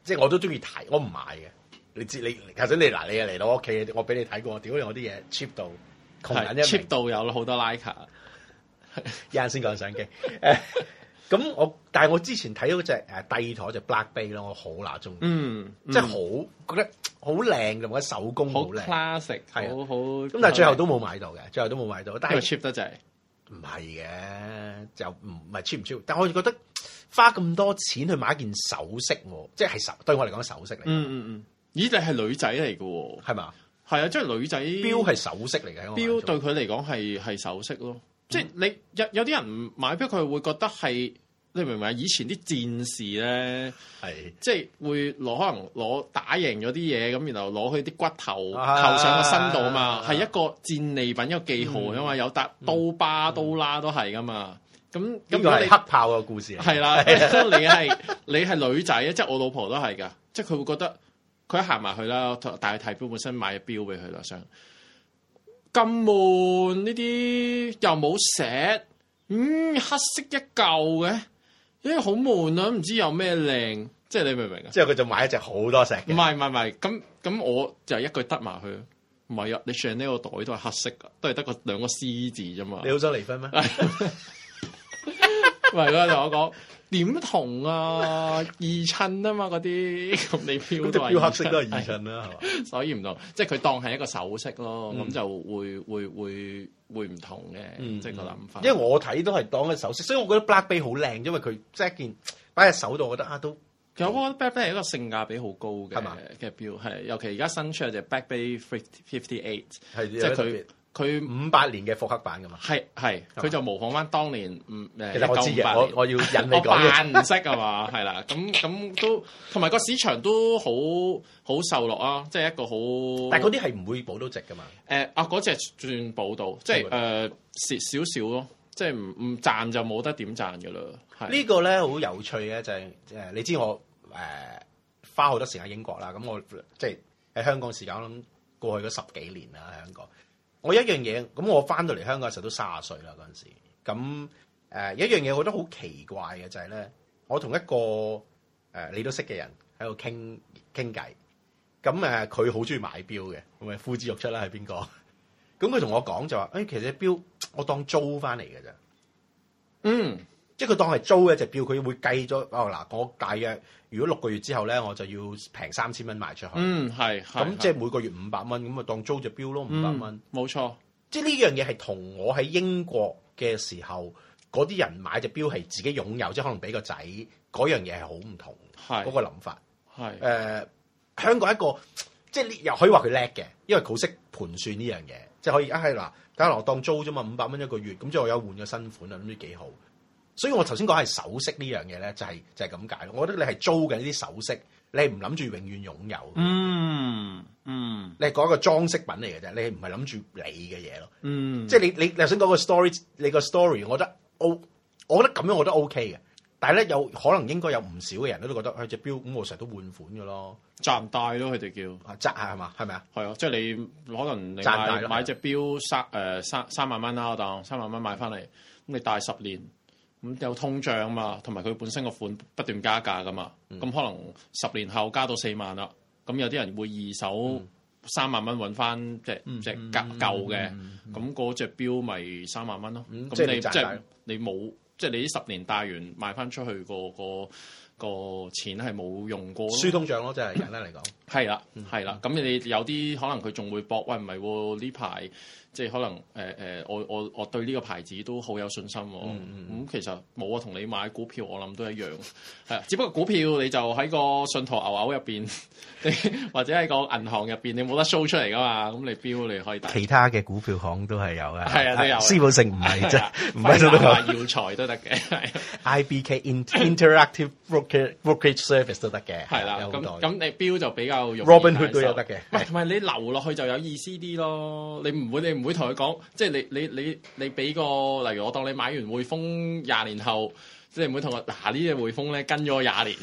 即係我都中意睇，我唔買嘅。你知你頭先你嗱你又嚟到我屋企，我俾你睇過。屌你我啲嘢 cheap 到窮人 cheap 到有好多 like 一陣先講相機。誒、 uh，咁我但係我之前睇到隻誒低台隻 Black Bay 咯，我好乸中意。嗯，即係好覺得好靚嘅，我手工好靚，classic 係啊，好。咁但係最後都冇買到嘅，最後都冇買到。但係 cheap 得滯。唔係嘅，就唔唔係超唔超，但我就覺得花咁多錢去買一件首飾喎，即係對我嚟講首飾嚟。嗯嗯嗯，咦？你係女仔嚟嘅喎，係嘛？係啊，即係女仔。表係首飾嚟嘅，表對佢嚟講係係首飾咯。即係你有有啲人買表佢會覺得係。你明唔明啊？以前啲戰士咧，係即係會攞可能攞打贏咗啲嘢，咁然後攞佢啲骨頭扣上個身度嘛，係、啊、一個戰利品、嗯、一個記號啊嘛，有搭刀疤刀啦都係噶嘛。咁、這、咁、個， 你黑炮嘅故事係啦，你係你係女仔啊， 即係我老婆都係噶，即係佢會覺得佢一行埋去啦，但係提標本身買個標俾佢咯，想咁悶呢啲又冇石，嗯黑色一嚿嘅。因為好悶啊，唔知有咩靚，即係你明唔明啊？之後佢就買一隻好多石嘅。唔係唔係，咁咁我就一句得埋佢。唔係啊，你上呢個袋都係黑色嘅，都係得個兩個 C 字啫嘛。你好想離婚咩？唔係啦，同 我講點同啊？二襯啊嘛，嗰啲咁你標，嗰標黑色都係二襯啦、啊，係 嘛？所以唔同，即係佢當係一個首飾咯，咁、嗯、就會會會。會會唔同嘅，即係個諗法。因為我睇都係當嘅首飾，所以我覺得 Black Bay 好靚，因為佢即係件擺喺手度，我覺得啊都、嗯。其實我覺得 Black Bay 係一個性價比好高嘅嘅表，係尤其而家新出嘅隻 Black Bay Fifty Fifty Eight，係即係佢。就是佢五八年嘅復刻版噶嘛？係係，佢就模仿翻當年唔誒九百我我，我要引你講， 我扮唔識啊嘛，係 啦，咁咁都同埋個市場都好好受落啊，即、就、係、是、一個好。但係嗰啲係唔會保到值噶嘛？誒、呃、啊，嗰隻轉保到，即係誒蝕少少咯，即係唔唔賺就冇得點賺噶啦。這個、呢個咧好有趣嘅就係、是、誒，你知我誒、呃、花好多時間喺英國啦，咁我即係喺香港時間我諗過去嗰十幾年啦香港。我一樣嘢，咁我翻到嚟香港嘅時候都三十歲啦嗰陣時，咁誒有一樣嘢我覺得好奇怪嘅就係、是、咧，我同一個誒、呃、你都識嘅人喺度傾傾偈，咁誒佢好中意買表嘅，咁咪，呼之欲出啦，係邊個？咁佢同我講就話，哎其實啲表我當租翻嚟嘅啫，嗯。即係佢當係租一隻錶，佢、就是、會計咗。哦嗱，我大約如果六個月之後咧，我就要平三千蚊賣出去。嗯，係。咁即係每個月五百蚊，咁啊當租隻錶咯，五百蚊。冇、嗯、錯。即係呢樣嘢係同我喺英國嘅時候，嗰啲人買隻錶係自己擁有，即係可能俾個仔嗰樣嘢係好唔同。係嗰、那個諗法。係。誒、呃，香港一個即係又可以話佢叻嘅，因為佢好識盤算呢樣嘢，即係可以啊。係嗱，戴拿當租啫嘛，五百蚊一個月，咁即係我有換咗新款啦，咁都幾好。所以我頭先講係首飾呢樣嘢咧，就係就係咁解。我覺得你係租緊呢啲首飾，你係唔諗住永遠擁有。嗯嗯，你係講一個裝飾品嚟嘅啫，你係唔係諗住你嘅嘢咯？嗯，即係你你頭先講個 story，你個 story，我覺得 O，我覺得咁樣我都 OK 嘅。但係咧，有可能應該有唔少嘅人都覺得，佢隻錶咁我成日都換款㗎咯，賺戴咯，佢哋叫啊賺啊，係嘛？係咪啊？係啊，即係你可能你買買隻錶三誒三三萬蚊啦，我當三萬蚊買翻嚟咁，你戴十年。咁有通脹嘛，同埋佢本身個款不斷加價噶嘛，咁可能十年後加到四萬啦，咁有啲人會二手三萬蚊揾翻，即係即係舊嘅，咁嗰隻錶咪三萬蚊咯。咁即係即係你冇，即係你啲十年戴完賣翻出去個個個錢係冇用過。輸通脹咯，即係簡單嚟講。係 啦，係啦，咁你有啲可能佢仲會搏、哎、喂，唔係喎呢排。即係可能、呃呃、我我我對呢個牌子都好有信心、哦。咁、嗯嗯、其實冇啊，同你買股票我諗都一樣。啊，只不過股票你就喺個信託牛牛入面，或者喺個銀行入面，你冇得 show 出嚟噶嘛。咁你標你可以打。其他嘅股票行都係有嘅，係啊都有。施寶盛唔係啫，唔係都得。耀才都得嘅，IBK Interactive Brokerage Service 都得嘅，係啦。咁咁你標就比較容易承受 Robinhood 都也的、啊、有得嘅，同埋你留落去就有意思啲咯。你唔會你。唔會同佢講，即係你你你你俾個例如我當你買完匯豐廿年後，即係唔會同佢嗱呢隻匯豐咧，跟咗廿年，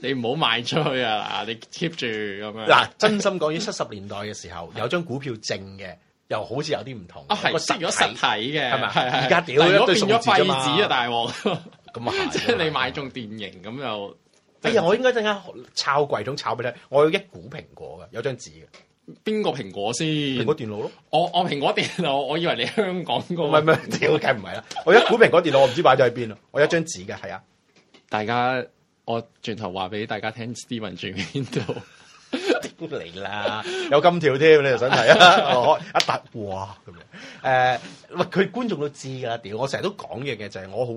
你唔好賣出去啊！你 keep 住咁樣嗱，啊，真心講於七十年代嘅時候有一張股票證嘅，又好似有啲唔同啊，係實咗實體嘅，係咪係係而家屌咗變咗廢紙啊！大王咁啊，即 係你買中電型咁又哎呀，就是，我應該陣間炒櫃桶炒咩咧？我要一股蘋果嘅，有一張紙嘅。邊個蘋果先？蘋果電腦咯，啊。我我蘋果電腦，我以為你是香港個唔係唔係。唔咩屌梗唔係啦！我一估蘋果電腦，我唔知擺咗喺邊啦。我有一張紙嘅，係啊。大家，我轉頭話俾大家聽，Steven 住邊度嚟啦？有金條添，你又想睇？啊，哎？一突哇咁樣。誒，喂，佢觀眾都知噶啦。屌，我成日都講嘢嘅，就係、是、我好，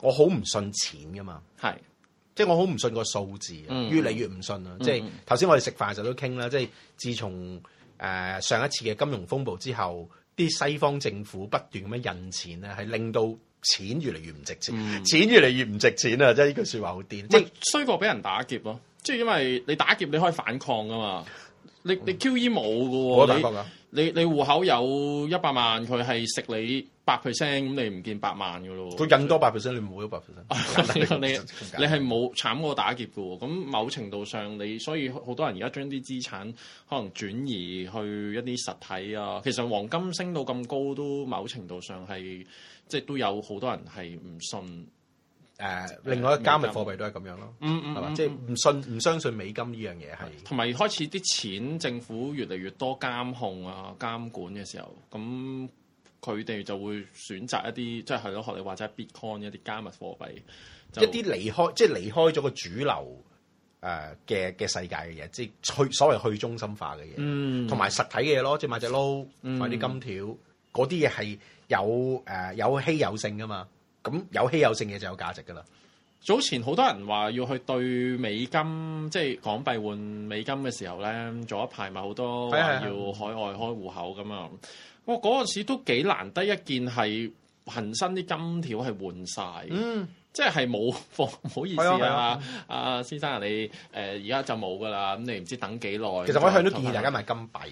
我好唔信錢噶嘛。係。即係我好唔信個數字，越嚟越唔信啊、嗯。即係頭先我哋食飯時候都傾啦。即係自從誒、呃、上一次嘅金融風暴之後，啲西方政府不斷咁樣印錢咧，係令到錢越嚟越唔值錢，嗯、錢越嚟越唔值錢啊！即係呢句說話好癲，即係衰過俾人打劫咯。即係因為你打劫你可以反抗噶嘛，你你 QE 冇噶喎。嗯你你戶口有一百萬，佢係食你八 percent，咁你唔見八萬㗎咯？佢印多八 percent，你冇咗八 percent。你 你係冇 慘過打劫㗎喎。咁某程度上你，你所以好多人而家將啲資產可能轉移去一啲實體啊。其實黃金升到咁高，都某程度上係即係都有好多人係唔信。誒、呃，另外加密貨幣都係咁樣咯，係、嗯、嘛？即係唔信唔、嗯、相信美金呢樣嘢係。同、嗯、埋、嗯嗯、開始啲錢，政府越嚟越多監控啊、監管嘅時候，咁佢哋就會選擇一啲，即係係咯，學你話齋 Bitcoin 一啲加密貨幣，一啲離開即係離開咗個主流誒嘅嘅世界嘅嘢，即、就、係、是、去所謂去中心化嘅嘢。同、嗯、埋實體嘅嘢咯，即、就、係、是、買隻撈、嗯，買啲金條，嗰啲嘢係有誒、呃、有稀有性㗎嘛。咁有稀有性嘅就有價值噶啦。早前好多人話要去兌美金，即係港幣換美金嘅時候咧，做一排咪好多，要海外開戶口咁啊。哇，嗰陣時都幾難得一件係恒生啲金條係換晒，嗯，即係冇貨，唔好意思啊，啊先生你誒而家就冇噶啦，咁你唔知等幾耐。其實我一向都建議大家買金幣嘅。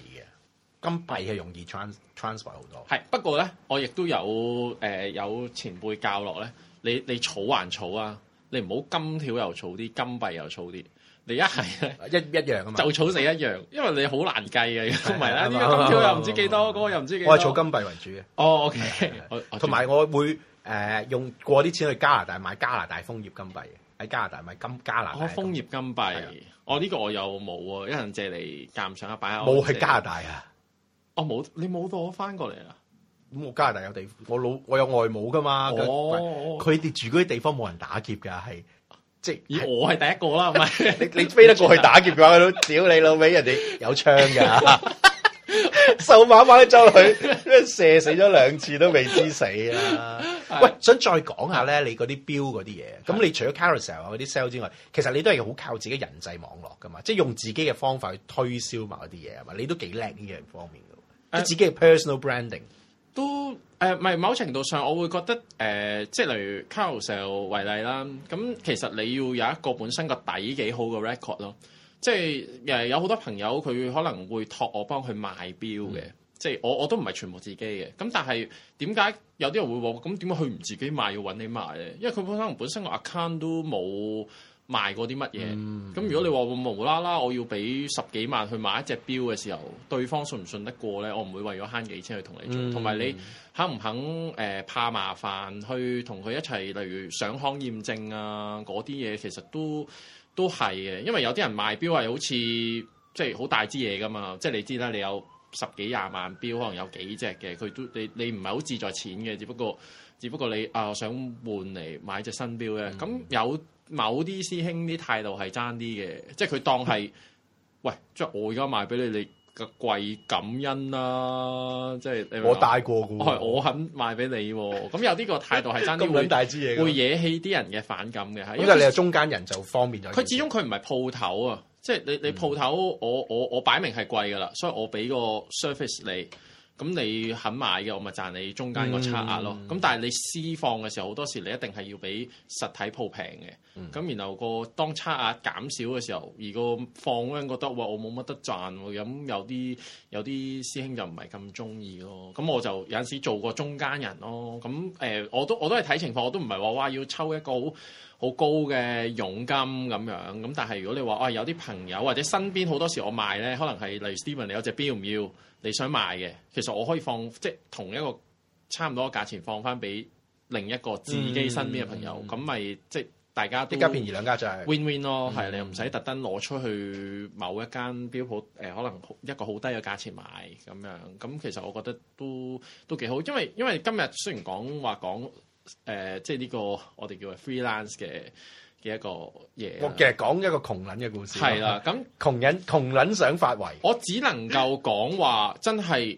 金幣係容易 trans transfer 好多，係不過咧，我亦都有誒、呃、有前輩教落咧，你你儲還儲啊，你唔好金條又儲啲，金幣又儲啲，你呢一係一一樣啊嘛，就儲死一樣，因為你好難計啊，同埋呢個金條又唔知幾多，嗰個又唔知幾多，知多，我係儲金幣為主嘅。哦，OK，同埋我，我會誒、呃、用過啲錢去加拿大買加拿大楓葉金幣喺加拿大買金加拿大楓葉金幣。我呢個我又冇喎，一陣借你夾唔上一擺冇喺加拿大啊。冇、哦，你冇到，我翻過嚟啦。咁我加拿大有地，我老我有外母噶嘛。佢、oh. 哋住嗰啲地方冇人打劫噶，係即係以我係第一個啦，係咪？ 你你飛得過去打劫嘅話，佢都 屌 你老味，人哋有槍噶，瘦麻麻就佢射死咗兩次都未知死啊！ 喂，想再講下咧， 你嗰啲標嗰啲嘢，咁 你除咗 Carousel 嗰啲 sell 之外，其實你都係好靠自己人際網絡噶嘛，即、就、係、是、用自己嘅方法去推銷埋嗰啲嘢係嘛，你都幾叻呢樣方面的自己嘅 personal branding、呃、都誒，唔、呃、係某程度上，我會覺得誒、呃，即係例如 Carousell 為例啦。咁其實你要有一個本身個底幾好嘅 record 咯，即係有好多朋友佢可能會託我幫佢賣表嘅、嗯，即係我我都唔係全部自己嘅。咁但係點解有啲人會話咁點解佢唔自己賣要揾你賣咧？因為佢本身本身個 account 都冇。賣過啲乜嘢？咁、嗯、如果你話會無啦啦，我要俾十幾萬去買一隻表嘅時候，對方信唔信得過呢？我唔會為咗慳幾千去同你做，同、嗯、埋你肯唔肯？誒、呃、怕麻煩去同佢一齊，例如上行驗證啊嗰啲嘢，其實都都係嘅，因為有啲人賣表係好似即係好大支嘢㗎嘛，即係你知啦，你有十幾廿萬表，可能有幾隻嘅佢都你你唔係好志在錢嘅，只不過只不過你啊、呃、想換嚟買隻新表嘅咁有。某啲師兄啲態度係爭啲嘅，即係佢當係、嗯，喂，即係我而家賣俾你，你個貴感恩啦、啊，即係我，我帶過嘅，我，我肯賣俾你、啊，咁 有啲個態度係爭啲，咁兩支嘢會惹起啲人嘅反感嘅，因為是你係中間人就方便咗。佢始終佢唔係鋪頭啊，即係你你鋪頭、嗯，我我我擺明係貴噶啦，所以我俾個 surface 你。咁你肯買嘅，我咪賺你中間個差額咯。咁、嗯、但係你私放嘅時候，好多時你一定係要俾實體鋪平嘅。咁、嗯、然後、個當差額減少嘅時候，如果放嗰陣覺得，哇！我冇乜得賺，咁有啲有啲師兄就唔係咁中意咯。咁我就有陣時做過中間人咯。咁、呃、我都我都係睇情況，我都唔係話話要抽一個好高嘅佣金咁樣，咁但係如果你話我、哎、有啲朋友或者身邊好多時我賣咧，可能係例如 Steven，你有隻表唔要，你想賣嘅，其實我可以放即係同一個差唔多價錢放翻俾另一個自己身邊嘅朋友，咁、嗯、咪即係大家都一家便宜兩家就係、是、win win 咯、嗯，係你又唔使特登攞出去某一間表鋪誒，可能一個好低嘅價錢買咁樣，咁其實我覺得都都幾好，因為因為今日雖然講話講。說說誒、呃，即係呢個我哋叫做 freelance 嘅嘅一個嘢，我其實講一個窮捻嘅故事。係啦，咁窮撚窮捻想發圍，我只能夠講話真係，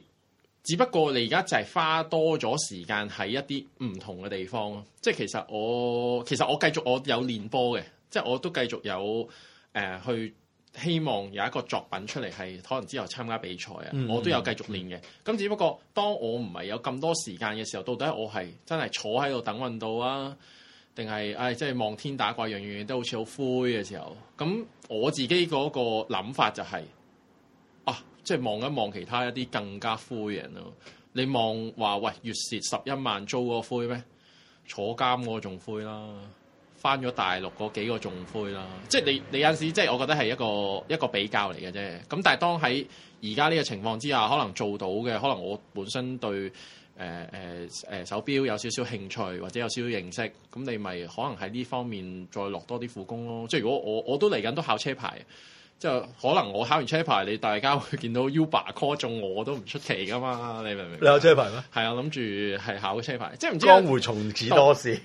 只不過你而家就係花多咗時間喺一啲唔同嘅地方咯。即係其實我，其實我繼續我有練波嘅，即係我都繼續有誒、呃、去。希望有一個作品出嚟係可能之後參加比賽啊、嗯！我都有繼續練嘅。咁、嗯、只不過當我唔係有咁多時間嘅時候，到底我係真係坐喺度等運到啊？定係唉即係望天打怪，樣樣嘢都好似好灰嘅時候。咁我自己嗰個諗法就係、是、啊，即係望一望其他一啲更加灰嘅人咯。你望話喂，月蝕十一萬租個灰咩？坐監嗰個仲灰啦～翻咗大陸嗰幾個仲灰啦，即係你你有陣時即係我覺得係一個一個比較嚟嘅啫。咁但係當喺而家呢個情況之下，可能做到嘅，可能我本身對誒誒誒手錶有少少興趣或者有少少認識，咁你咪可能喺呢方面再落多啲苦功咯。即係如果我我都嚟緊都考車牌。就可能我考完車牌，你大家會見到 Uber call 中我都唔出奇㗎嘛，你明唔明？你有車牌咩？係啊，諗住係考車牌，即係江湖從此多事。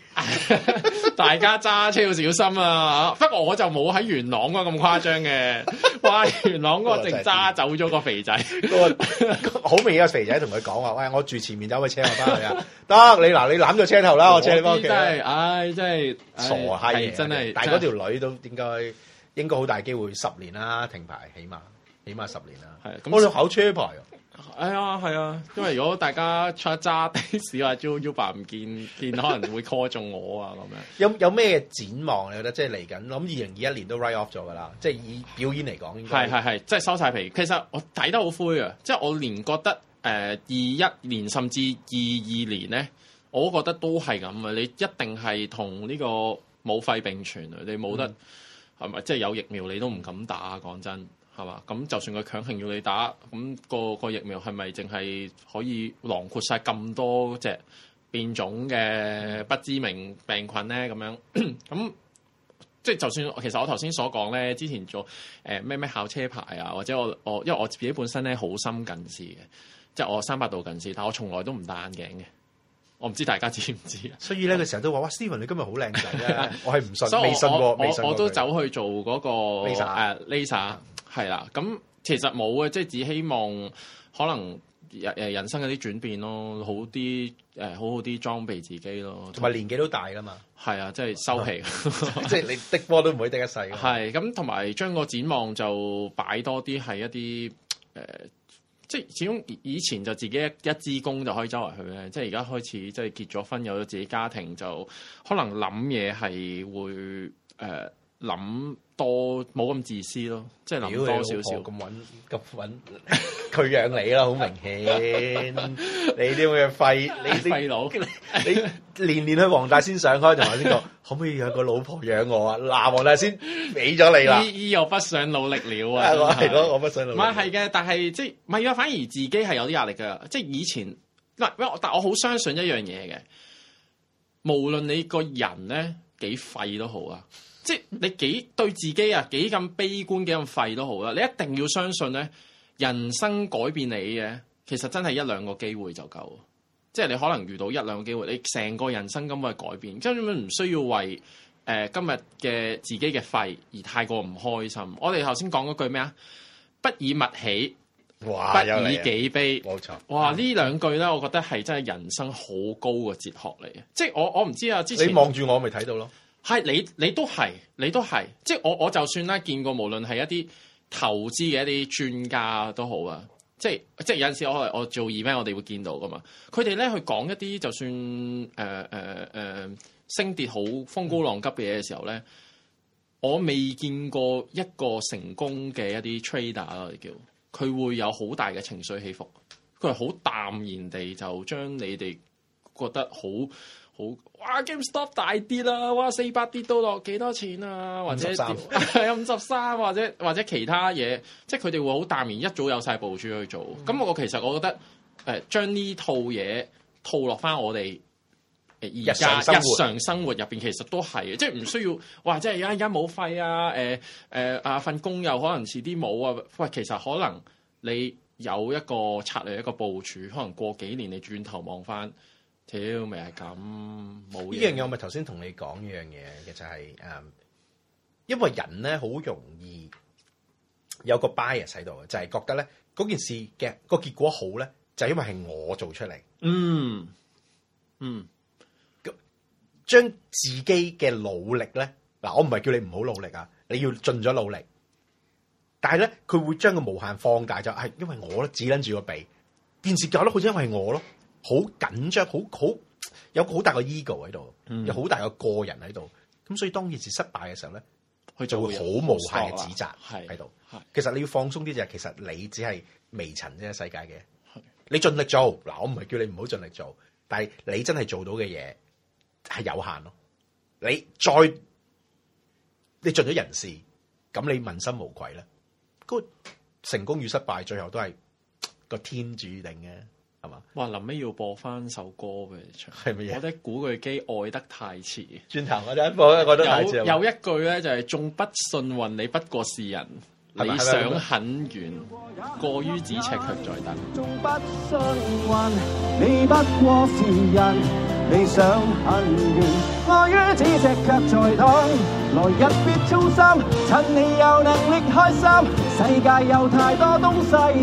大家揸車要小心啊！ 不過我就冇喺元朗咁誇張嘅， 哇！元朗嗰個正揸走咗個肥仔， 好明顯肥仔同佢講話，喂，我住前面走個車我，我翻去啊！得你嗱，你攬咗車頭啦，我車你翻屋企、哎。真係，唉、哎，真係傻閪，真係。但係嗰條女都點解？應該好大機會十年啦停牌，起碼起碼，起碼十年啦。係我要考車牌，啊。哎啊，係、哎、啊， 因為如果大家出揸的士啊，叫 Uber 唔見，見可能會 call 中我啊咁樣。有有咩展望？你覺得即係嚟緊諗二零二一年都 write off 咗噶啦，即係以表演嚟講應。 係係係，即係收晒皮。其實我睇得好灰啊，即係我連覺得誒二一年甚至二二年咧，我覺得都係咁啊！你一定係同呢個武肺並存啊！你冇得，嗯。係咪即係有疫苗你都唔敢打啊？講真係嘛，咁就算佢強行要你打，咁個個疫苗係咪淨係可以囊括晒咁多隻變種嘅不知名病菌咧？咁樣，咁即係就算其實我頭先所講咧，之前做誒咩咩考車牌啊，或者我我因為我自己本身咧好深近視嘅，即係我三百度近視，但係我從來都唔戴眼鏡嘅。我唔知大家知唔知啊， 所以咧，佢成日都話：哇，Steven，你今日好靚仔啊！我係唔信，冇信過，冇信過我都走去做嗰、那個，Lisa 係啦。咁、uh, yeah. 其實冇嘅，即、就、係、是、只希望可能人人生嗰啲轉變咯，好啲好好啲裝備自己咯。同埋年紀都大㗎嘛，係啊，即、就、係、是、收皮，即 係 你的波都唔會得一世。係咁，同埋將個展望就擺多啲係一啲誒即係始終以前就自己一一支公就可以周圍去咧，即係而家開始，即係結咗婚有咗自己家庭，就可能諗嘢係會誒諗。呃多冇咁自私咯，即係諗多少少咁，搵咁搵佢養你啦，好明顯你啲咁嘅廢，你廢佬， 你年年去黃大仙上開，同埋呢個可唔可以有個老婆養我啊？嗱，黃大仙俾咗你啦，依依又不想努力了啊，係咯，我不想努力，唔係係嘅，但係即係唔係啊？反而自己係有啲壓力噶，即係以前嗱，喂，但我好相信一樣嘢嘅，無論你個人咧幾廢都好啊。即係你幾對自己啊？幾咁悲觀，幾咁廢都好啦。你一定要相信咧，人生改變你嘅，其實真係一兩個機會就夠。即係你可能遇到一兩個機會，你成個人生根本係改變，根本唔需要為誒、呃、今日嘅自己嘅廢而太過唔開心。我哋頭先講嗰句咩啊？不以物喜，不以己悲。冇錯。錯哇！兩呢兩句咧，我覺得係真係人生好高嘅哲學嚟嘅。即係我我唔知啊。之前你望住我，咪睇到咯。係你，你都係，你都係，即係我我就算啦，見過無論係一啲投資嘅一啲專家都好啊，即係即係有陣時我我做 event 我哋會見到噶嘛，佢哋咧去講一啲就算誒誒誒升跌好風高浪急嘅嘢嘅時候咧，我未見過一個成功嘅一啲 trader 我哋叫佢，佢會有好大嘅情緒起伏，佢係好淡然地就將你哋覺得好。好哇，GameStop 大跌啦！哇，四百跌都落幾多錢啊？或者有五十三， 53, 或者或者其他嘢，即係佢哋會好淡然，一早有晒部署去做。咁、嗯、我其實我覺得，誒、呃、將呢套嘢套落翻我哋誒而家日常生活入邊，面其實都係，即係唔需要哇！即係而家而家冇費啊，誒誒啊份工又可能遲啲冇啊。喂、呃，其實可能你有一個策略一個部署，可能過幾年你轉頭望翻。屌、啊，咪係咁冇。呢樣嘢我咪頭先同你講呢樣嘢，其實係誒，因為人咧好容易有個 bias 喺度嘅，就係、係、覺得咧件事嘅、個結果好咧，就係、因為係我做出嚟。嗯，嗯，將自己嘅努力咧，嗱，我唔係叫你唔好努力啊，你要盡咗努力。但係咧，佢會將個無限放大，就係因為我咧只捻住個鼻，件事搞得好似因為我咯。好緊張，好好有好大個 ego 喺度，有好大個個人喺度。咁所以當件事失敗嘅時候咧，佢就會好無限嘅指責喺度。其實你要放鬆啲就係，其實你只係微塵啫世界嘅。你盡力做嗱，我唔係叫你唔好盡力做，但係你真係做到嘅嘢係有限咯。你再你盡咗人事，咁你問心無愧啦。個成功與失敗最後都係個天注定嘅。哇！臨尾要播翻首歌嘅，唱係咩嘢？我得古巨基愛得太遲，轉頭我哋一播，我都太遲。有一句咧，就是，就係仲不信運，你不過是人，理想很遠，過於咫尺卻在等。仲不信運，你不過是人，理想很遠，過於咫尺卻在等。來日別操心，趁你有能力，力開心，世界有太多東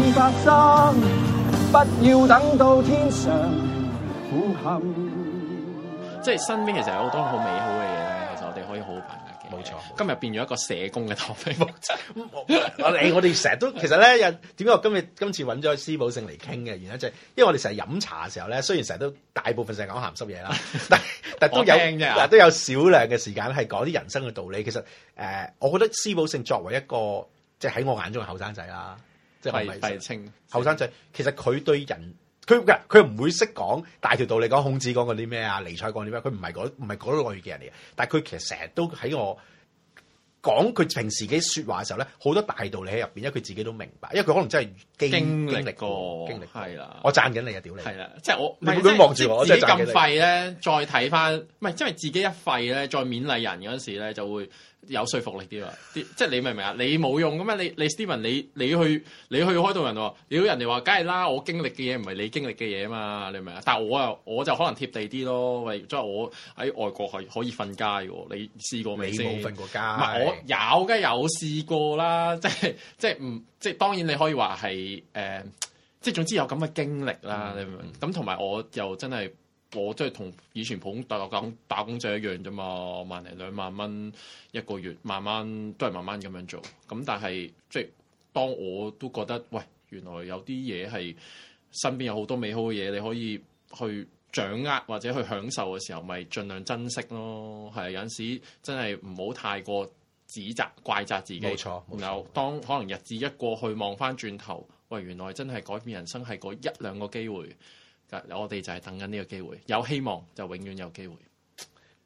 西發生。不要等到天上苦恨。即係身邊其實有好多好美好嘅嘢咧，其實我哋可以好好把握嘅。冇錯，今日變咗一個社工嘅唐飛。我哋我哋成日都其實咧，又點解我今日今次揾咗施寶勝嚟傾嘅？原因就係因為我哋成日飲茶嘅時候咧，雖然成日都大部分成日講鹹濕嘢啦，但但都有都有少量嘅時間係講啲人生嘅道理。其實誒，我覺得施寶勝作為一個即係喺我眼中嘅後生仔啦。係、就是，廢青後生仔，其實佢對人，佢唔唔會識講大條道理。講孔子講嗰啲咩啊？尼采講啲咩，佢唔係嗰唔係嗰類嘅人嚟嘅。但係佢其實成日都喺我講佢平時嘅說話嘅時候咧，好多大道理喺入邊，因為佢自己都明白。因為佢可能真係經歷過，經歷係啦。我讚緊你啊，屌你！係啦，即係我你唔好望住我，你不我我你即咁廢咧。再睇翻，唔係，因為自己一廢咧，再勉勵人嗰陣時咧，就會。有說服力啲嘛？啲即係你明唔明啊？你冇用咁啊！你你 Stephen 你你去你去開導人你如人哋話，梗係啦，我經歷嘅嘢唔係你經歷嘅嘢啊嘛？你明唔明啊？但係我又我就可能貼地啲咯，喂即係我喺外國可可以瞓街喎，你試過未？你冇瞓過街？唔係我有梗係有試過啦，即係即係唔即係當然你可以話係誒，即係總之有咁嘅經歷啦。嗯、你明？唔、嗯、明？咁同埋我又真係。我即係同以前普通大陸講打工仔一樣啫嘛，萬零兩萬蚊一個月，慢慢都係慢慢咁樣做。咁但係即係當我都覺得，喂，原來有啲嘢係身邊有好多美好嘅嘢，你可以去掌握或者去享受嘅時候，咪盡量珍惜咯。係有時真係唔好太過指責怪責自己。冇錯，然後當可能日子一過去，望翻轉頭，喂，原來真係改變人生係嗰一兩個機會。我哋就係等緊呢個機會，有希望就永遠有機會。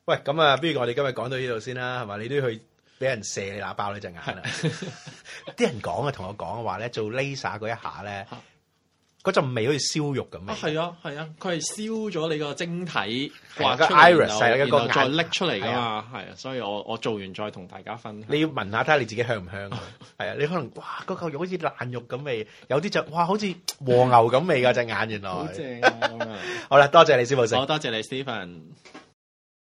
喂，咁啊，不如我哋今日講到呢度先啦，係咪？你都要去俾人射你，你眼爆你隻眼啊。啲 人講啊，同我講講話咧，做 laser 嗰一下咧.。 嗰陣味好似燒肉咁啊！係啊，係啊，佢係、啊、燒咗你個晶體，那個 iris 係一、啊那個再拎出嚟嘅嘛。係啊，啊，所以我我做完再同大家分享。你要聞一下睇下你自己香唔香啊？係啊，你可能哇，嗰嚿肉好似爛肉咁味道，有啲就哇，好似和牛咁味㗎隻眼原來。啊、 好正，好啦，多謝你師傅。好多謝你 Stephen。